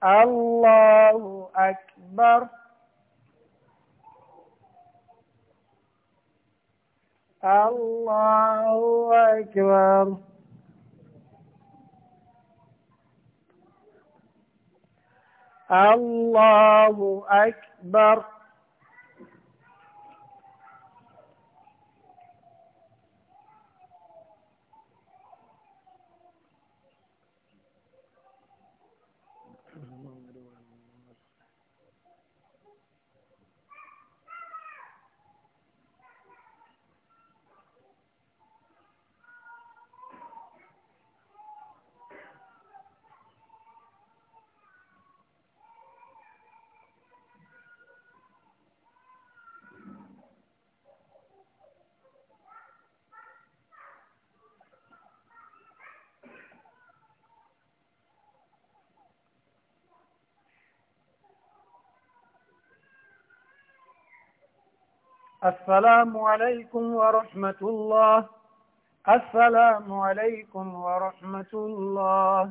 الله أكبر الله أكبر الله أكبر السلام عليكم ورحمة الله السلام عليكم ورحمة الله